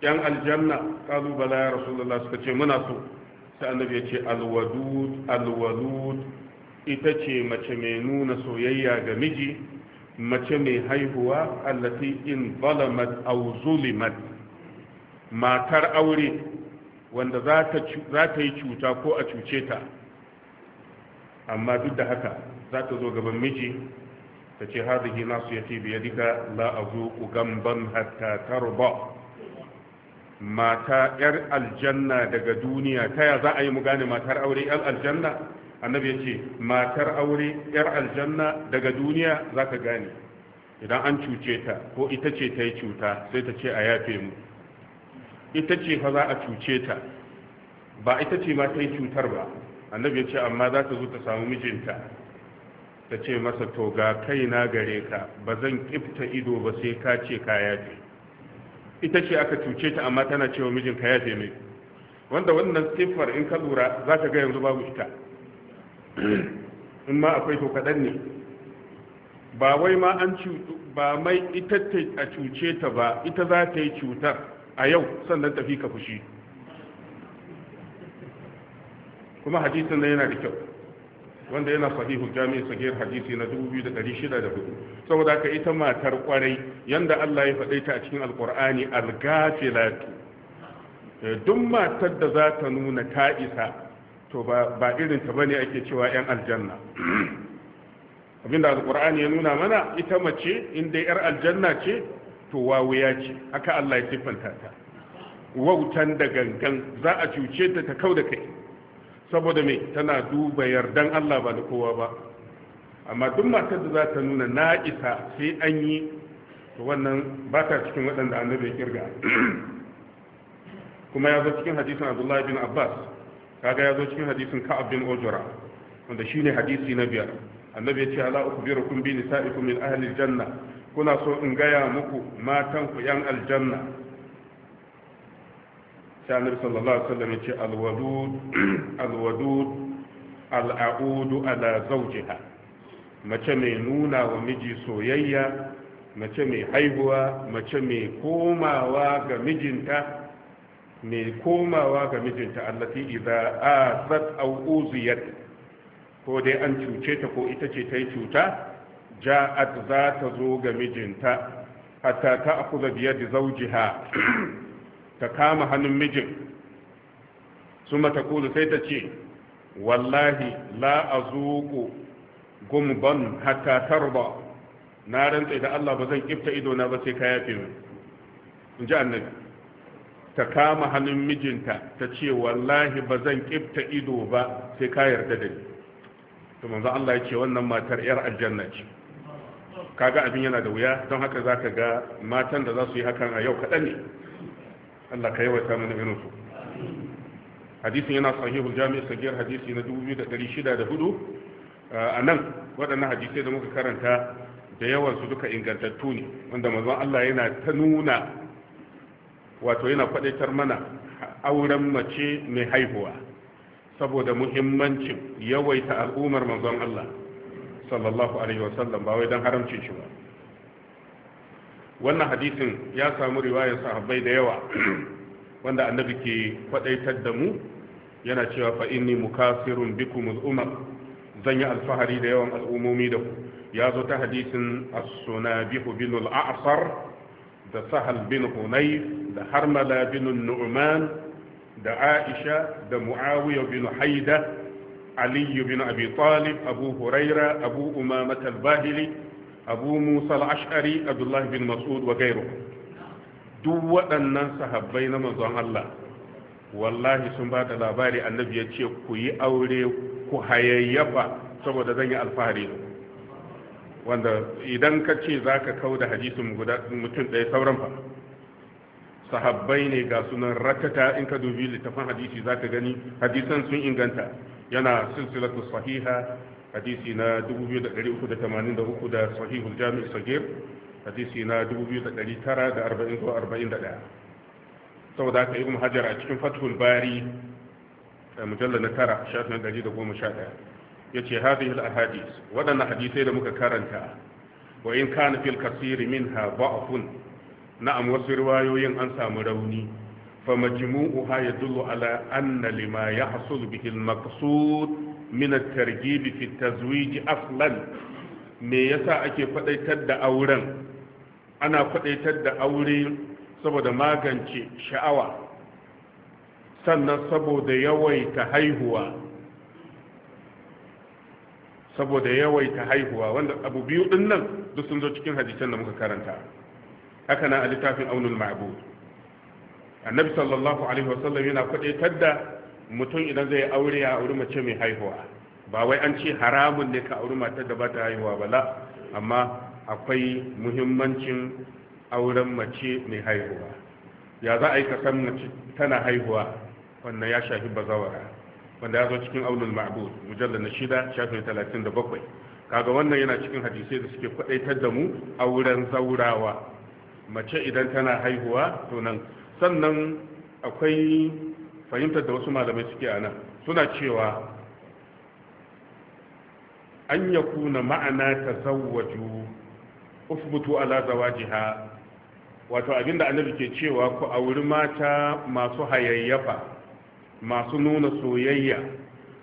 S1: yan aljanna Kalu bala ya rasulullah suka ce muna so sai annabi ya ce alwadud alwadud ita ce mace mai nuna soyayya ga miji mace mai haihuwa allati in zalamat aw zulimat matar aure wanda za ta yi cuta ko a cuce ta amma duk da haka za ta zo gaban miji ta ce hadhihi nasiyati bi yadika la azuqu gamban hatta tarba mata yar aljanna daga duniya ta ya za a yi mu gane matar aure yar aljanna annabi ya ce matar aure yar aljanna daga duniya za ka gane idan an cuce ta ko ita ce ta yi cuta sai ta ce a yafe mu ita ce fa za a cuce ta ba ita ce ma ta yi cutar ba annabi ya ce amma za ta zo ta samu mijinta ta ce masa to ga kaina gare ka ba zan kifta ido ba sai ka ce ka yafe ita ce aka cuce ta amma tana cewa mijin ka yafe mai wanda wannan siffar in ka lura za ka ga yanzu babu ita in ma akwai to kaɗan ne ba wai ma an ba mai ita a cuce ta ba ita za ta yi cutar a yau sannan tafi ka fushi kuma hadisin nan yana da kyau wanda yana sahihu jami'i sahih hadisi na 2604 saboda haka ita matar kwarai yanda Allah ya faɗe ta a cikin alqur'ani al eh, duk matar da za ta nuna ta isa to ba irin ta bane ake cewa yan aljanna abinda alqur'ani ya nuna mana ita mace inda yar aljanna ce to wawuya ce haka Allah ya siffanta ta wautan da gangan za a cuce ta ta kau da kai saboda mai tana duba yardan Allah ba da kowa ba amma duk matar da za ta nuna na isa sai an yi to wannan ba ta cikin waɗanda annabi ya kirga kuma ya zo cikin hadisin abdullahi bin abbas kaga ya zo cikin hadisin ka'ab bin ujra wanda shine hadisi na biyar annabi ya ce ala kun bi nisa'ikum min ahli janna, kuna so in gaya muku matan ku yan aljanna sai annabi sallallahu alaihi wasallam yace alwadud alwadud al'audu ala zawjiha mace mai nuna wa miji soyayya mace mai haihuwa mace mai komawa ga mijinta mai komawa ga mijinta allati idza asat aw uziyat ko dai an cuce ta ko ita ce ta yi cuta ja'at za ta zo ga mijinta hatta ta akuza biyar da zaujiha ta kama hannun mijin su mata sai ta ce wallahi la a zuku gumban hatta tarba na rantsa da Allah ba zan kifta idona ba sai ka yafe min in ji annabi ta kama hannun mijinta ta ce wallahi ba zan kifta ido ba sai ka yarda da ni to manzo Allah ya ce wannan matar yar aljanna ce kaga abin yana da wuya don haka zaka ga matan da za su yi hakan a yau kaɗan ne Allah ka yawaita mana irin su hadisin yana sahihul jami'i sagiyar hadisi na 2604 a nan waɗannan hadisai da muka karanta da yawan su duka ingantattu ne wanda manzon Allah yana ta nuna wato yana faɗaitar mana auren mace mai haihuwa saboda muhimmancin yawaita al'ummar manzon Allah sallallahu alaihi wasallam ba wai don haramcin shi ba wannan hadisin ya samu riwayar sahabbai da yawa wanda annabi ke faɗaitar da mu yana cewa fa inni mukasirun bikum al zan yi alfahari da yawan al'ummomi da ku ya zo ta hadisin as-sunabihu bin al da sahal bin hunayf da harmala bin nu'man da aisha da muawiya bin haida ali bin abi talib abu huraira abu umamah al-bahili abu musa al-ash'ari abdullahi bin mas'ud wa gairu duk waɗannan sahabbai na manzon Allah wallahi sun ba da labari annabi ya ce ku yi aure ku hayayyafa saboda zan yi alfahari wanda idan ka ce za ka kau da hadisin mutum ɗaya sauran fa sahabbai ne ga sunan rakata in ka dubi littafin hadisi za ka gani hadisan sun inganta yana silsilatu sahiha hadisi na 2383 da sahihul jami'i sagir hadisi na 2940 zuwa 41 saboda haka ibn hajar a cikin fathul bari mujalla na tara shafin 111 ya ce hadihul ahadis waɗannan hadisai da muka karanta wa in kana fil kasiri minha ba'fun na'am wasu riwayoyin an samu rauni fa majmu'uha yadullu ala anna lima yahsul bihi al maqsud min at-targhib fi tazwij aslan me yasa ake faɗaitar da auren ana faɗaitar da aure saboda magance sha'awa sannan saboda yawaita haihuwa saboda yawaita haihuwa wanda abu biyu din nan duk sun zo cikin hadisan da muka karanta haka na a littafin aunul ma'bud annabi sallallahu alaihi wasallam yana faɗaitar da mutum idan zai aure ya auri mace mai haihuwa ba wai an ce haramun ne ka auri matar da ba ta haihuwa ba la amma akwai muhimmancin auren mace mai haihuwa ya za a yi ka san mace tana haihuwa wannan ya shafi bazawara wanda ya zo cikin aulul ma'bud mujallal na shida shafi talatin da bakwai kaga wannan yana cikin hadisai da suke kwadaitar da mu auren zaurawa mace idan tana haihuwa to nan sannan akwai fahimtar da wasu malamai suke a nan suna cewa an ya kuna ma'ana ta zawaju usbutu ala zawajiha wato abinda annabi ke cewa ku auri mata masu hayayyafa masu nuna soyayya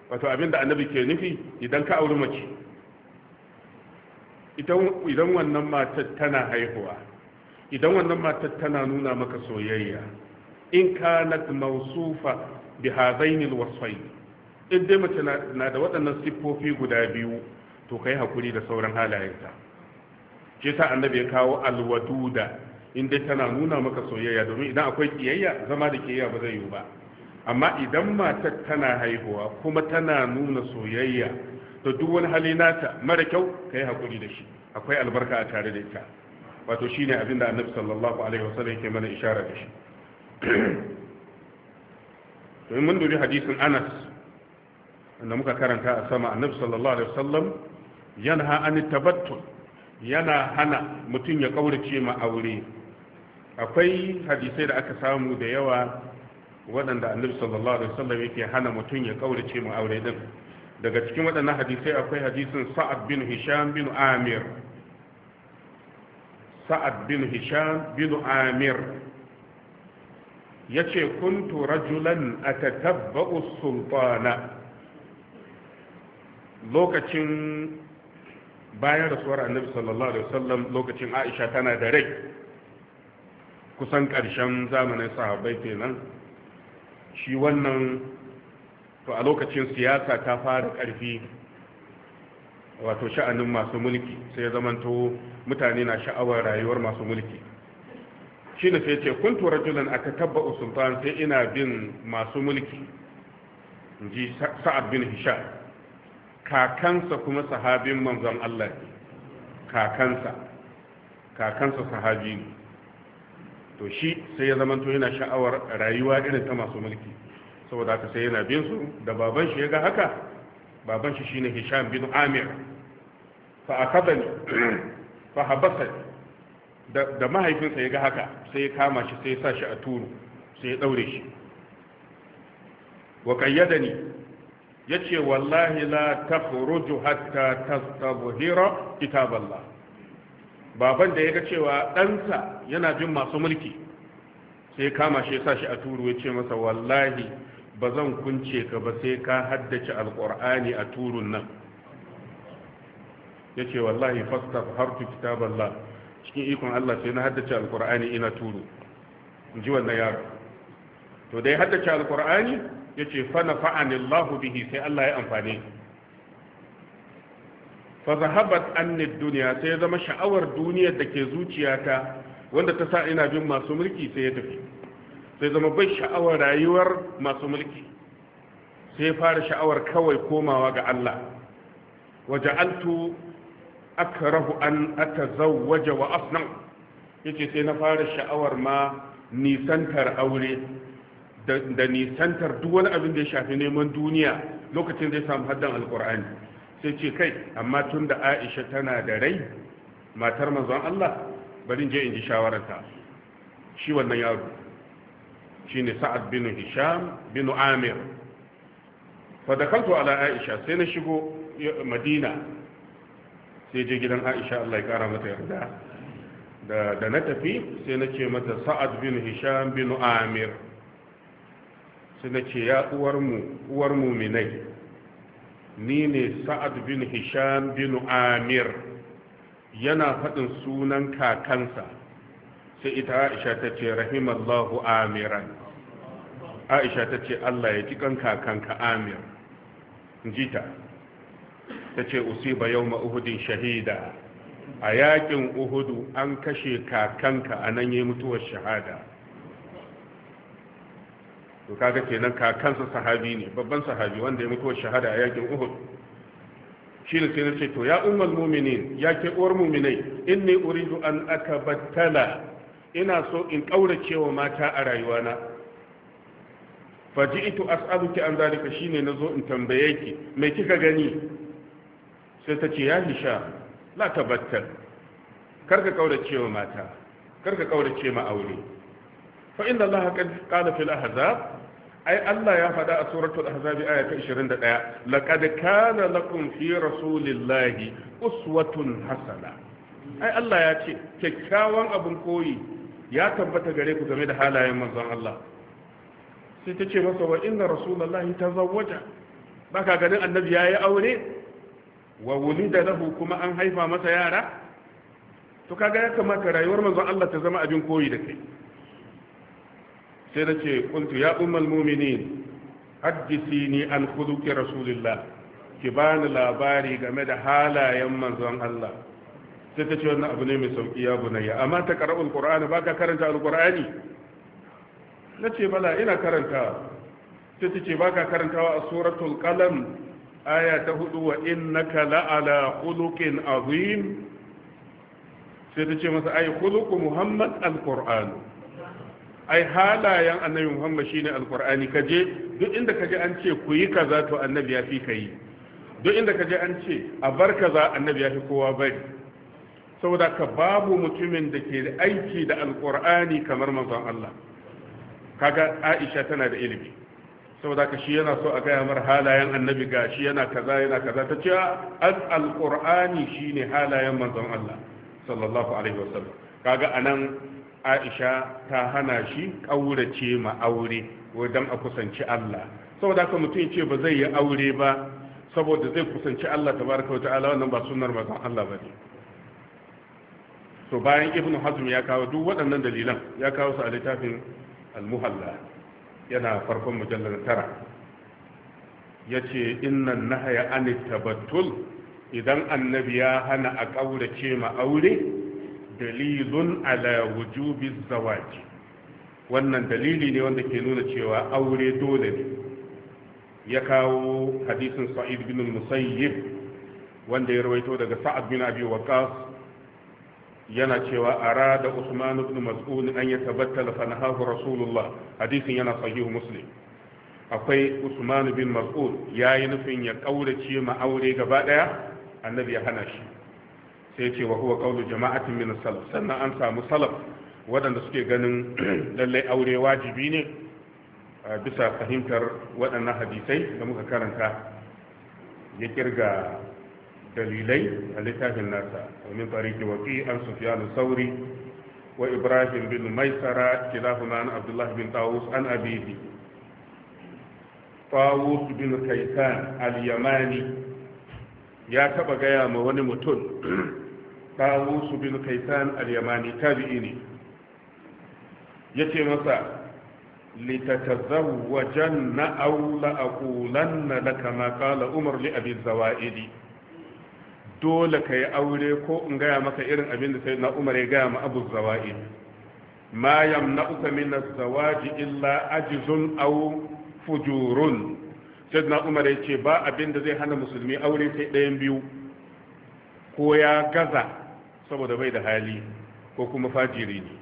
S1: wato abinda annabi ke nufi idan ka auri mace idan wannan matar tana haihuwa idan wannan matar tana nuna maka soyayya in kanat mausufa bi hadaini alwasfai in dai mace na da waɗannan siffofi guda biyu to kai hakuri da sauran halayenta shi sa annabi ya kawo alwaduda in dai tana nuna maka soyayya domin idan akwai kiyayya zama da kiyayya ba zai yiwu ba amma idan matar tana haihuwa kuma tana nuna soyayya to duk wani hali nata mara kyau kai hakuri da shi akwai albarka a tare da ita wato shine abin da annabi sallallahu alaihi wasallam yake mana isharar da shi domin mun dubi hadisin anas wanda muka karanta a sama annabi sallallahu alaihi wasallam yana an tabattu yana hana mutum ya kaurace ma aure akwai hadisai da aka samu da yawa waɗanda annabi sallallahu alaihi wasallam yake hana mutum ya kaurace ma aure din daga cikin waɗannan hadisai akwai hadisin sa'ad bin hisham bin amir sa'ad bin hisham bin amir ya ce kuntu rajulan a tattabba'u sultana lokacin bayan rasuwar annabi sallallahu alaihi wasallam lokacin aisha tana da rai kusan ƙarshen zamanin sahabbai kenan shi wannan to a lokacin siyasa ta fara ƙarfi wato sha'anin masu mulki sai ya zamanto mutane na sha'awar rayuwar masu mulki shine sai ce kuntu rajulan tabba usulfan sai ina bin masu mulki inji sa'ad bin Hisha kakansa kuma sahabin manzon Allah ne kakansa kakansa sahabi ne to shi sai ya zamanto yana sha'awar rayuwa irin ta masu mulki saboda haka sai yana bin su da baban shi ya ga haka baban shi shine hisham bin amir fa akadani fa habasani da mahaifinsa ya ga haka sai ya kama shi sai ya sa shi a turu sai ya daure shi wa ya ce, wallahi la takhruju hatta tastabhira kitaballah baban da ya ga cewa ɗansa yana bin masu mulki sai ya kama shi ya sa shi a turu ya ce masa wallahi ba zan kunce ka ba sai ka haddace Alƙur'ani a turun nan Ya ce, wallahi fastabhartu kitaballah cikin ikon Allah sai na haddace alkur'ani ina turu in ji wannan yaro to dai haddace alkur'ani ya ce fana fa'ani Allahu bihi sai Allah ya amfani fa zahabat anni duniya sai ya zama sha'awar duniyar da ke zuciyata wanda ta sa ina bin masu mulki sai ya tafi sai zama bai sha'awar rayuwar masu mulki sai fara sha'awar kawai komawa ga Allah waja'altu akrahu an atazawwaja wa afna yace sai na fara sha'awar ma nisantar aure da nisantar duk wani abin da ya shafi neman duniya lokacin zai samu haddan alkur'ani sai ce kai amma tun da aisha tana da rai matar manzon allah bari je in ji shawararta shi wannan yaro shi ne sa'ad bin hisham bin amir fadakaltu ala aisha sai na shigo madina sai je gidan aisha Allah ya kara mata yarda da da na tafi sai na ce mata sa'ad bin hisham bin amir sai na ce ya uwar mu uwar muminai ni ne sa'ad bin hisham bin amir yana faɗin sunan kakansa sai ita aisha ta ce rahimallahu amiran aisha ta ce allah ya ji kan kakanka amir jita ta ce usiba yau ma'uhudin shahida a yakin uhudu an kashe kakanka a nan yi mutuwar shahada to kaga kenan kakansa sahabi ne babban sahabi wanda ya mutuwar shahada a yakin uhud shi ne sai na ce to ya umar mu'minin ya ke uwar mu'minai ne uridu an batala. ina so in ƙaura wa mata a rayuwana faji'tu as'aluki an ne na nazo in tambaye ki me kika gani sai ta ce ya hisham la tabattal karka kaurace wa mata karka kaurace ma aure fa da allaha qad qala fil ai allah ya faɗa a suratul ahzab aya ta 21 laqad kana lakum fi rasulillahi uswatun hasana ai allah ya ce kyakkyawan abin koyi ya tabbata gare ku game da halayen manzon allah sai ta ce masa wa inna rasulullahi ba ka ganin annabi yi aure wa wulida lahu kuma an haifa masa yara to kaga ya kamata rayuwar manzon Allah ta zama abin koyi da kai sai da ce kuntu ya ummal mu'minin haddisini an khuluqi rasulillah ki bani labari game da halayen manzon Allah sai ta ce wannan abu ne mai sauki ya bunayya amma ta qara'ul qur'ani baka karanta alqur'ani nace bala ina karantawa sai ta ce baka karantawa a suratul qalam aya ta hudu wa innaka la'ala khuluqin azim sai ta ce masa ay khuluqu muhammad alquran ai halayen annabi muhammad shine alqurani kaje duk inda kaje an ce ku yi kaza to annabi ya fi kai duk inda kaje an ce a bar kaza annabi ya fi kowa bari saboda ka babu mutumin da ke da aiki da alqurani kamar manzon Allah kaga Aisha tana da ilimi saboda ka shi yana so a gaya mar halayen annabi ga shi yana kaza yana kaza ta ce an shi ne halayen manzon Allah sallallahu alaihi wasallam kaga anan Aisha ta hana shi ƙaurace ma aure wajen a kusanci Allah saboda ka mutum ce ba zai yi aure ba saboda zai kusanci Allah tabaraka wata'ala wannan ba sunnar manzon Allah ne to bayan ibnu hazm ya kawo duk waɗannan dalilan ya kawo su a littafin al-muhalla yana farkon mujallar tara ya ce innan nahaya an tabattul idan annabi ya hana a ƙaurace ma aure dalilun ala wujubi zawaji wannan dalili ne wanda ke nuna cewa aure dole ne ya kawo hadisin sa'id bin musayyib wanda ya rawaito daga sa'ad bin abi waqas yana cewa da usman ibn mas'ud an tabbata fa nahahu rasulullah hadisin yana sahih muslim akwai usman bin mas'ud yayi nufin ya kaurace ma aure gaba daya annabi ya hana shi sai ce wa huwa qawlu jama'atin min salaf sannan an samu salaf waɗanda suke ganin lallai aure wajibi ne bisa fahimtar waɗannan hadisai da muka karanta ya kirga dalilai a littafin nasa domin tariki waki an sufiyanu sauri wa ibrahim bin maisara kilahuma an abdullahi bin tawus an abibi tawus bin kaitan al-yamani ya taɓa gaya ma wani mutum tawus bin kaitan al-yamani tabi'i ne ce masa لتتزوجن أو لأقولن لك ما قال أمر لأبي الزوائد dole ka yi aure ko in gaya maka irin abin da sai na umar ya gaya ma abu zawa'i ma yamna'uka min az-zawaji illa ajzun aw fujurun na umar ya ce ba abin da zai hana musulmi aure sai ɗayan biyu ko ya gaza saboda bai da hali ko kuma fajiri ne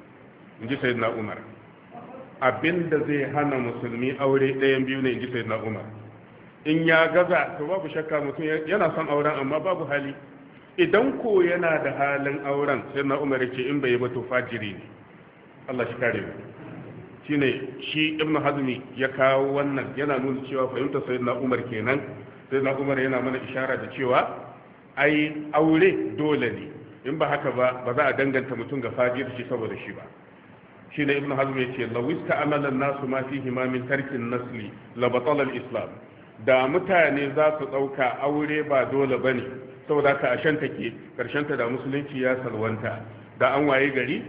S1: in ji na umar abin da zai hana musulmi aure ɗayan biyu ne in ji na umar in ya gaza to babu shakka mutum yana son auren amma babu hali idan ko yana da halin auren sai na umar ce in bai yi ba fajiri ne Allah shi kare mu shine shi ibn hazmi ya kawo wannan yana nuna cewa fahimta sai na umar kenan sai na umar yana mana ishara da cewa ai aure dole ne in ba haka ba ba za a danganta mutum ga fajiri shi saboda shi ba shi ne ibn hazmi ya ce lawista amalan nasu ma himamin ma tarkin nasli la islam da mutane za su dauka aure ba dole bane saboda ka ashen take karshenta da musulunci ya salwanta da an waye gari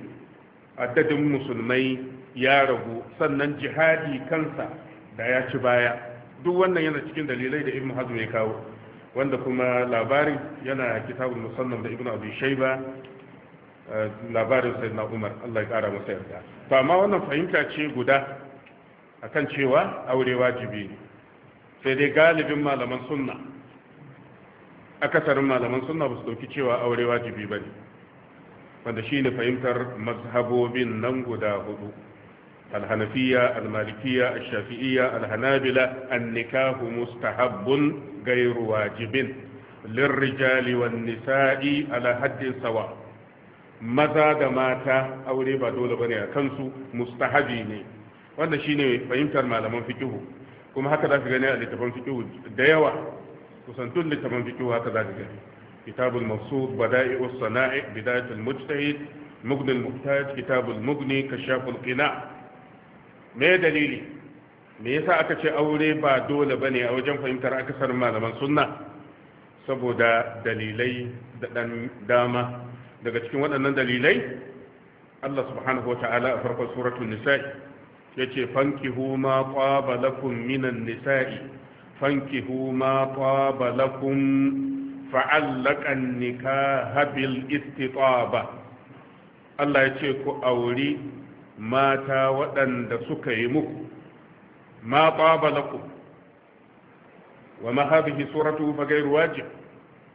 S1: addadin musulmai ya ragu sannan jihadi kansa da ya ci baya duk wannan yana cikin dalilai da ibn hazm ya kawo wanda kuma labarin yana kitabul musannam da ibn abi shayba eh, labarin sayyidina umar Allah ya kara masa yarda to amma wannan fahimta ce guda akan cewa aure wajibi sai dai galibin malaman sunna akasarin malaman suna ba su dauki cewa aure wajibi ba ne wanda shi ne fahimtar mazhabobin nan guda hudu alhanafiya almalikiya ashafi'iya alhanabila annikahu mustahabbun gairu wajibin lirrijali wan nisa'i ala haddin sawa maza da mata aure ba dole bane a kansu mustahabi ne wanda shine fahimtar malaman fikihu kuma haka su gani a littafin fikihu da yawa kusan duk littafin fikihu haka za ka gani kitabul mafsud bada'i'us sana'i bidayatul mujtahid mughnil muhtaj kitabul mughni kashaful qina me dalili me yasa aka ce aure ba dole bane a wajen fahimtar akasar malaman sunna saboda dalilai da dan dama daga cikin waɗannan dalilai Allah subhanahu wa ta'ala a farkon suratul nisa'i yace fankihu ma qaba lakum minan nisa'i fankihu ma taba lakum fa'allakan nikaha bil istitaba Allah ya ce ku auri mata waɗanda suka yi muku ma taba lakum wa ma hadhihi suratu fa wajib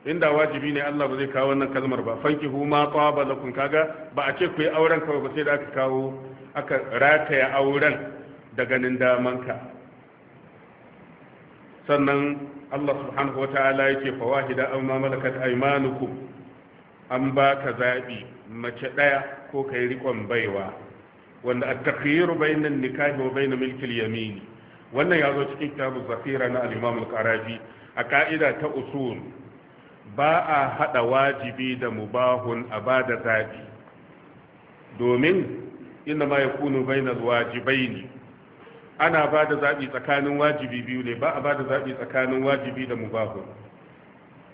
S1: inda wajibi ne Allah ba zai kawo wannan kalmar ba fankihu ma taba lakum kaga ba a ce ku yi auren kawai ba sai da aka kawo aka rataya auren da ganin daman ka. sannan Allah subhanahu wa ta'ala yake fawahida aw ma malakat aymanukum an baka zabi mace daya ko kai rikon baiwa wanda at-takhyir bayna an-nikahi wa bayna milki al-yamin wannan yazo cikin kitabu zafira na al-imam al-qarafi a ka'ida ta usul ba a hada wajibi da mubahun a ba da zabi domin inna ma yakunu bayna al-wajibaini ana ba da zaɓi tsakanin wajibi biyu ne ba a ba da zaɓi tsakanin wajibi da mubahu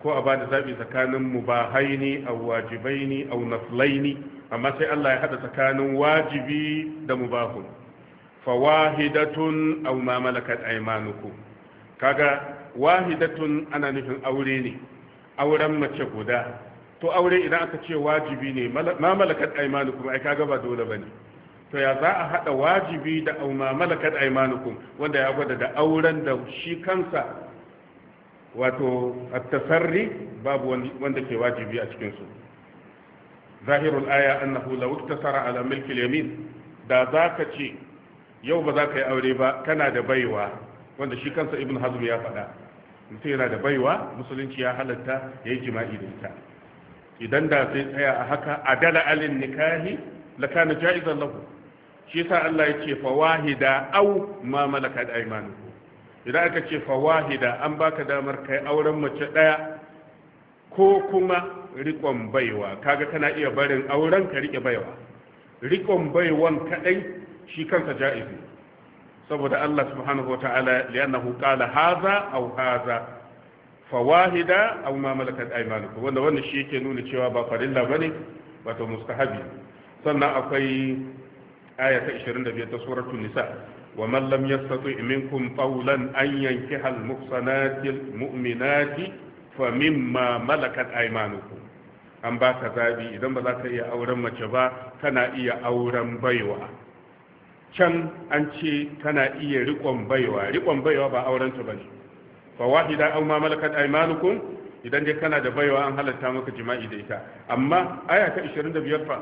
S1: ko a ba da zaɓi tsakanin mubahaini a wajibaini a naslaini amma sai Allah ya haɗa tsakanin wajibi da mubahun fawahidatun aw ma malakat aymanukum kaga wahidatun ana nufin aure ne auren mace guda to aure idan aka ce wajibi ne ma malakat aymanukum ai kaga ba dole bane to ya za a haɗa wajibi da auma malakat aimanukum wanda ya gwada da auren da shi kansa wato at-tasarri babu wanda ke wajibi a cikin su zahirul aya annahu law iktasara ala milki yamin da zaka ce yau ba za ka yi aure ba kana da baiwa wanda shi kansa ibn hazm ya faɗa mutum yana da baiwa musulunci ya halatta ya yi jima'i da ita idan da zai tsaya a haka a adala alin nikahi la kana ja'izan lahu shi yasa Allah ya ce fawahida au ma malakat aymanuku idan aka ce fawahida an baka damar kai auren mace daya ko kuma rikon baiwa kaga kana iya barin auren ka rike baiwa rikon baiwan kadai shi kansa ja'izi saboda Allah subhanahu wataala li'annahu qala hadha aw hadha fawahida aw ma malakat aymanuku wanda wannan shi yake nuna cewa ba farilla bane wato mustahabi sannan akwai آية ta 25 ta suratul nisa wa man lam yastati minkum qawlan an yankiha al muhsanati al an ba ka zabi idan ba za ka iya auren mace ba kana iya auren baiwa can an ce kana iya riƙon baiwa riƙon baiwa ba auren ta bane fa wahida aw ma malakat aymanukum idan dai kana da baiwa an halatta maka jima'i da ita amma aya ta 25 fa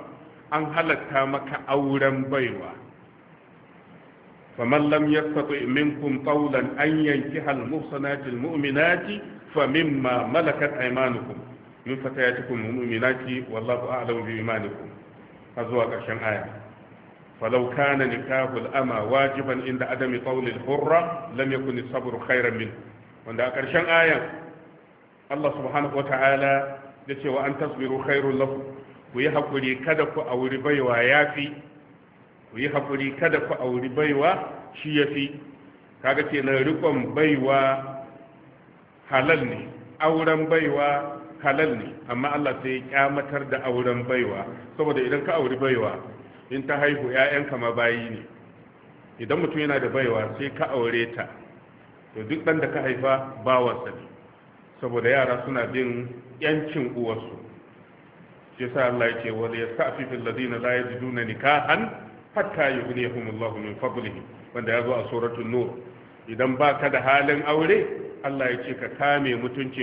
S1: an halatta maka auren baiwa faman lam yastati minkum qawlan an yankiha al-muhsanati al-mu'minati famimma malakat aymanukum min fatayatikum al-mu'minati wallahu a'lamu bi imanikum zuwa ƙarshen aya falau kana nikahul ama wajiban inda adami qawlil hurra lam yakun sabru khairan min wanda a ƙarshen ayan
S2: Allah subhanahu wa ta'ala ya ce wa an tasbiru khairul
S1: ku yi haƙuri kada ku auri baiwa ya fi ku yi haƙuri kada ku auri baiwa shi ya fi kaga ce na rikon baiwa halal ne auren baiwa halal ne amma Allah sai ya kyamatar da auren baiwa saboda idan ka auri baiwa in ta haihu 'ya'yanka ma bayi ne idan mutum yana da baiwa sai ka aure ta to duk ɗan da ka haifa bawansa ne saboda yara suna bin yancin uwarsu yasa Allah yake wa fil ladina la yajiduna nikahan hatta yughniyahum Allah min fadlihi wanda yazo a suratul nur idan baka da halin aure Allah yake ka kame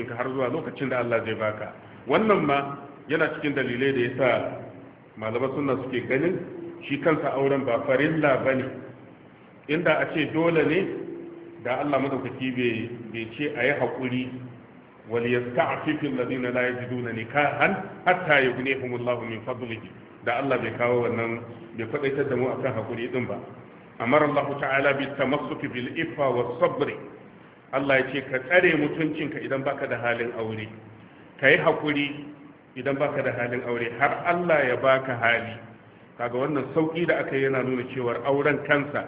S1: ka har zuwa lokacin da Allah zai baka wannan ma yana cikin dalilai da yasa malaman sunna suke ganin shi kansa auren ba farilla bane inda a ce dole ne da Allah madaukaki bai ce a yi haƙuri وليستعفف الذين لا يجدون نكاحا حتى يغنيهم الله من فضله da Allah bai kawo wannan bai kwadaitar da mu kan hakuri din ba amar Allah ta'ala bi tamassuk bil ifa was sabr Allah ya ce ka tsare mutuncinka idan baka da halin aure ka yi hakuri idan baka da halin aure har Allah ya baka hali kaga wannan sauki da aka yi yana nuna cewar auren kansa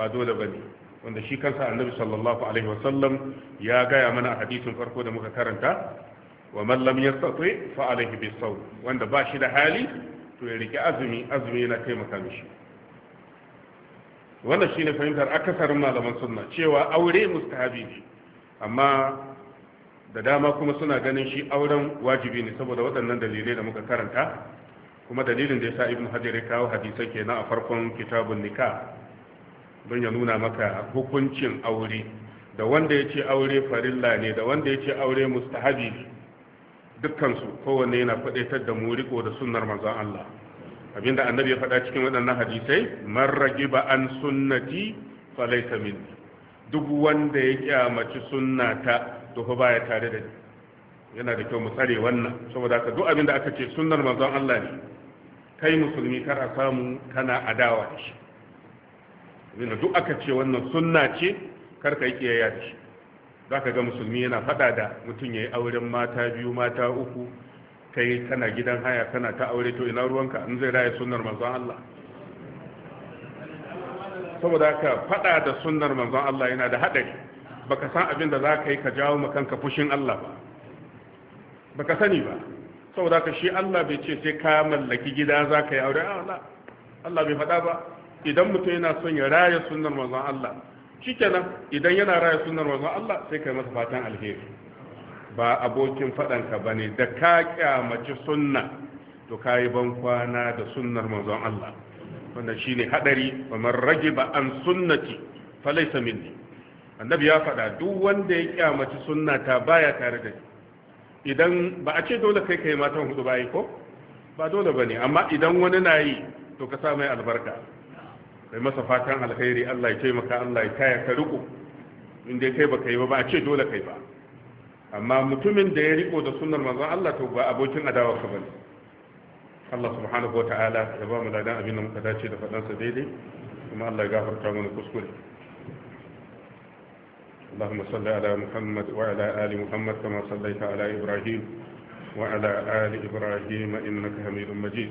S1: ba dole bane wanda shi kansa annabi sallallahu alaihi wasallam ya gaya mana a hadisin farko da muka karanta wa man lam yastati fa alaihi bisawm wanda ba shi da hali to ya riki azumi azumi yana taimaka mishi wannan shine fahimtar akasarin malaman sunna cewa aure mustahabi ne amma da dama kuma suna ganin shi auren wajibi ne saboda waɗannan dalilai da muka karanta kuma dalilin da yasa ibnu hajar ya kawo hadisai kenan a farkon kitabun nikah don ya nuna maka hukuncin aure da wanda ya ce aure farilla ne da wanda ya ce aure mustahabi ne dukkansu kowanne yana faɗaitar da mu da sunnar manzon Allah abinda annabi ya fada cikin waɗannan hadisai man ragiba an sunnati falaita min duk wanda ya kyamaci sunnata to fa baya tare da ni yana da kyau mu tsare wannan saboda haka duk abinda aka ce sunnar manzon Allah ne kai musulmi kar a samu kana adawa da shi abinda duk aka ce wannan sunna ce karka yi kiyaya da shi za ka ga musulmi yana fada da mutum ya yi auren mata biyu mata uku kai tana gidan haya tana ta aure to ina ruwanka in zai raya sunnar manzon Allah saboda ka fada da sunnar manzon Allah yana da hadari baka san abin da za ka yi ka jawo ma kanka fushin Allah ba baka sani ba saboda ka shi Allah bai ce sai ka mallaki gida za ka yi aure ah, Allah Allah bai faɗa ba idan mutum yana son ya raya sunnar manzon Allah shikenan idan yana raya sunnar manzon Allah sai kai masa fatan alheri ba abokin fadanka bane da ka kyamaci sunna to kayi ban kwana da sunnar manzon Allah wannan shine hadari wa man ragiba an sunnati falaysa minni annabi ya faɗa duk wanda ya kyamaci sunna ta baya tare da ni idan ba a ce dole kai kai matan hudu bayi ko ba dole ba ne amma idan wani na yi to ka sa mai albarka kai masa fatan alkhairi Allah ya taimaka Allah ya kaya ka riko in dai kai baka yi ba ba a ce dole kai ba amma mutumin da ya riko da sunnar manzon Allah to ba abokin adawa ka bane Allah subhanahu wataala ya ba mu ladan abin da muka dace da fadan sa daidai kuma Allah ya gafarta mana kuskure اللهم صل على محمد وعلى آل محمد كما صليت على إبراهيم وعلى آل إبراهيم إنك حميد مجيد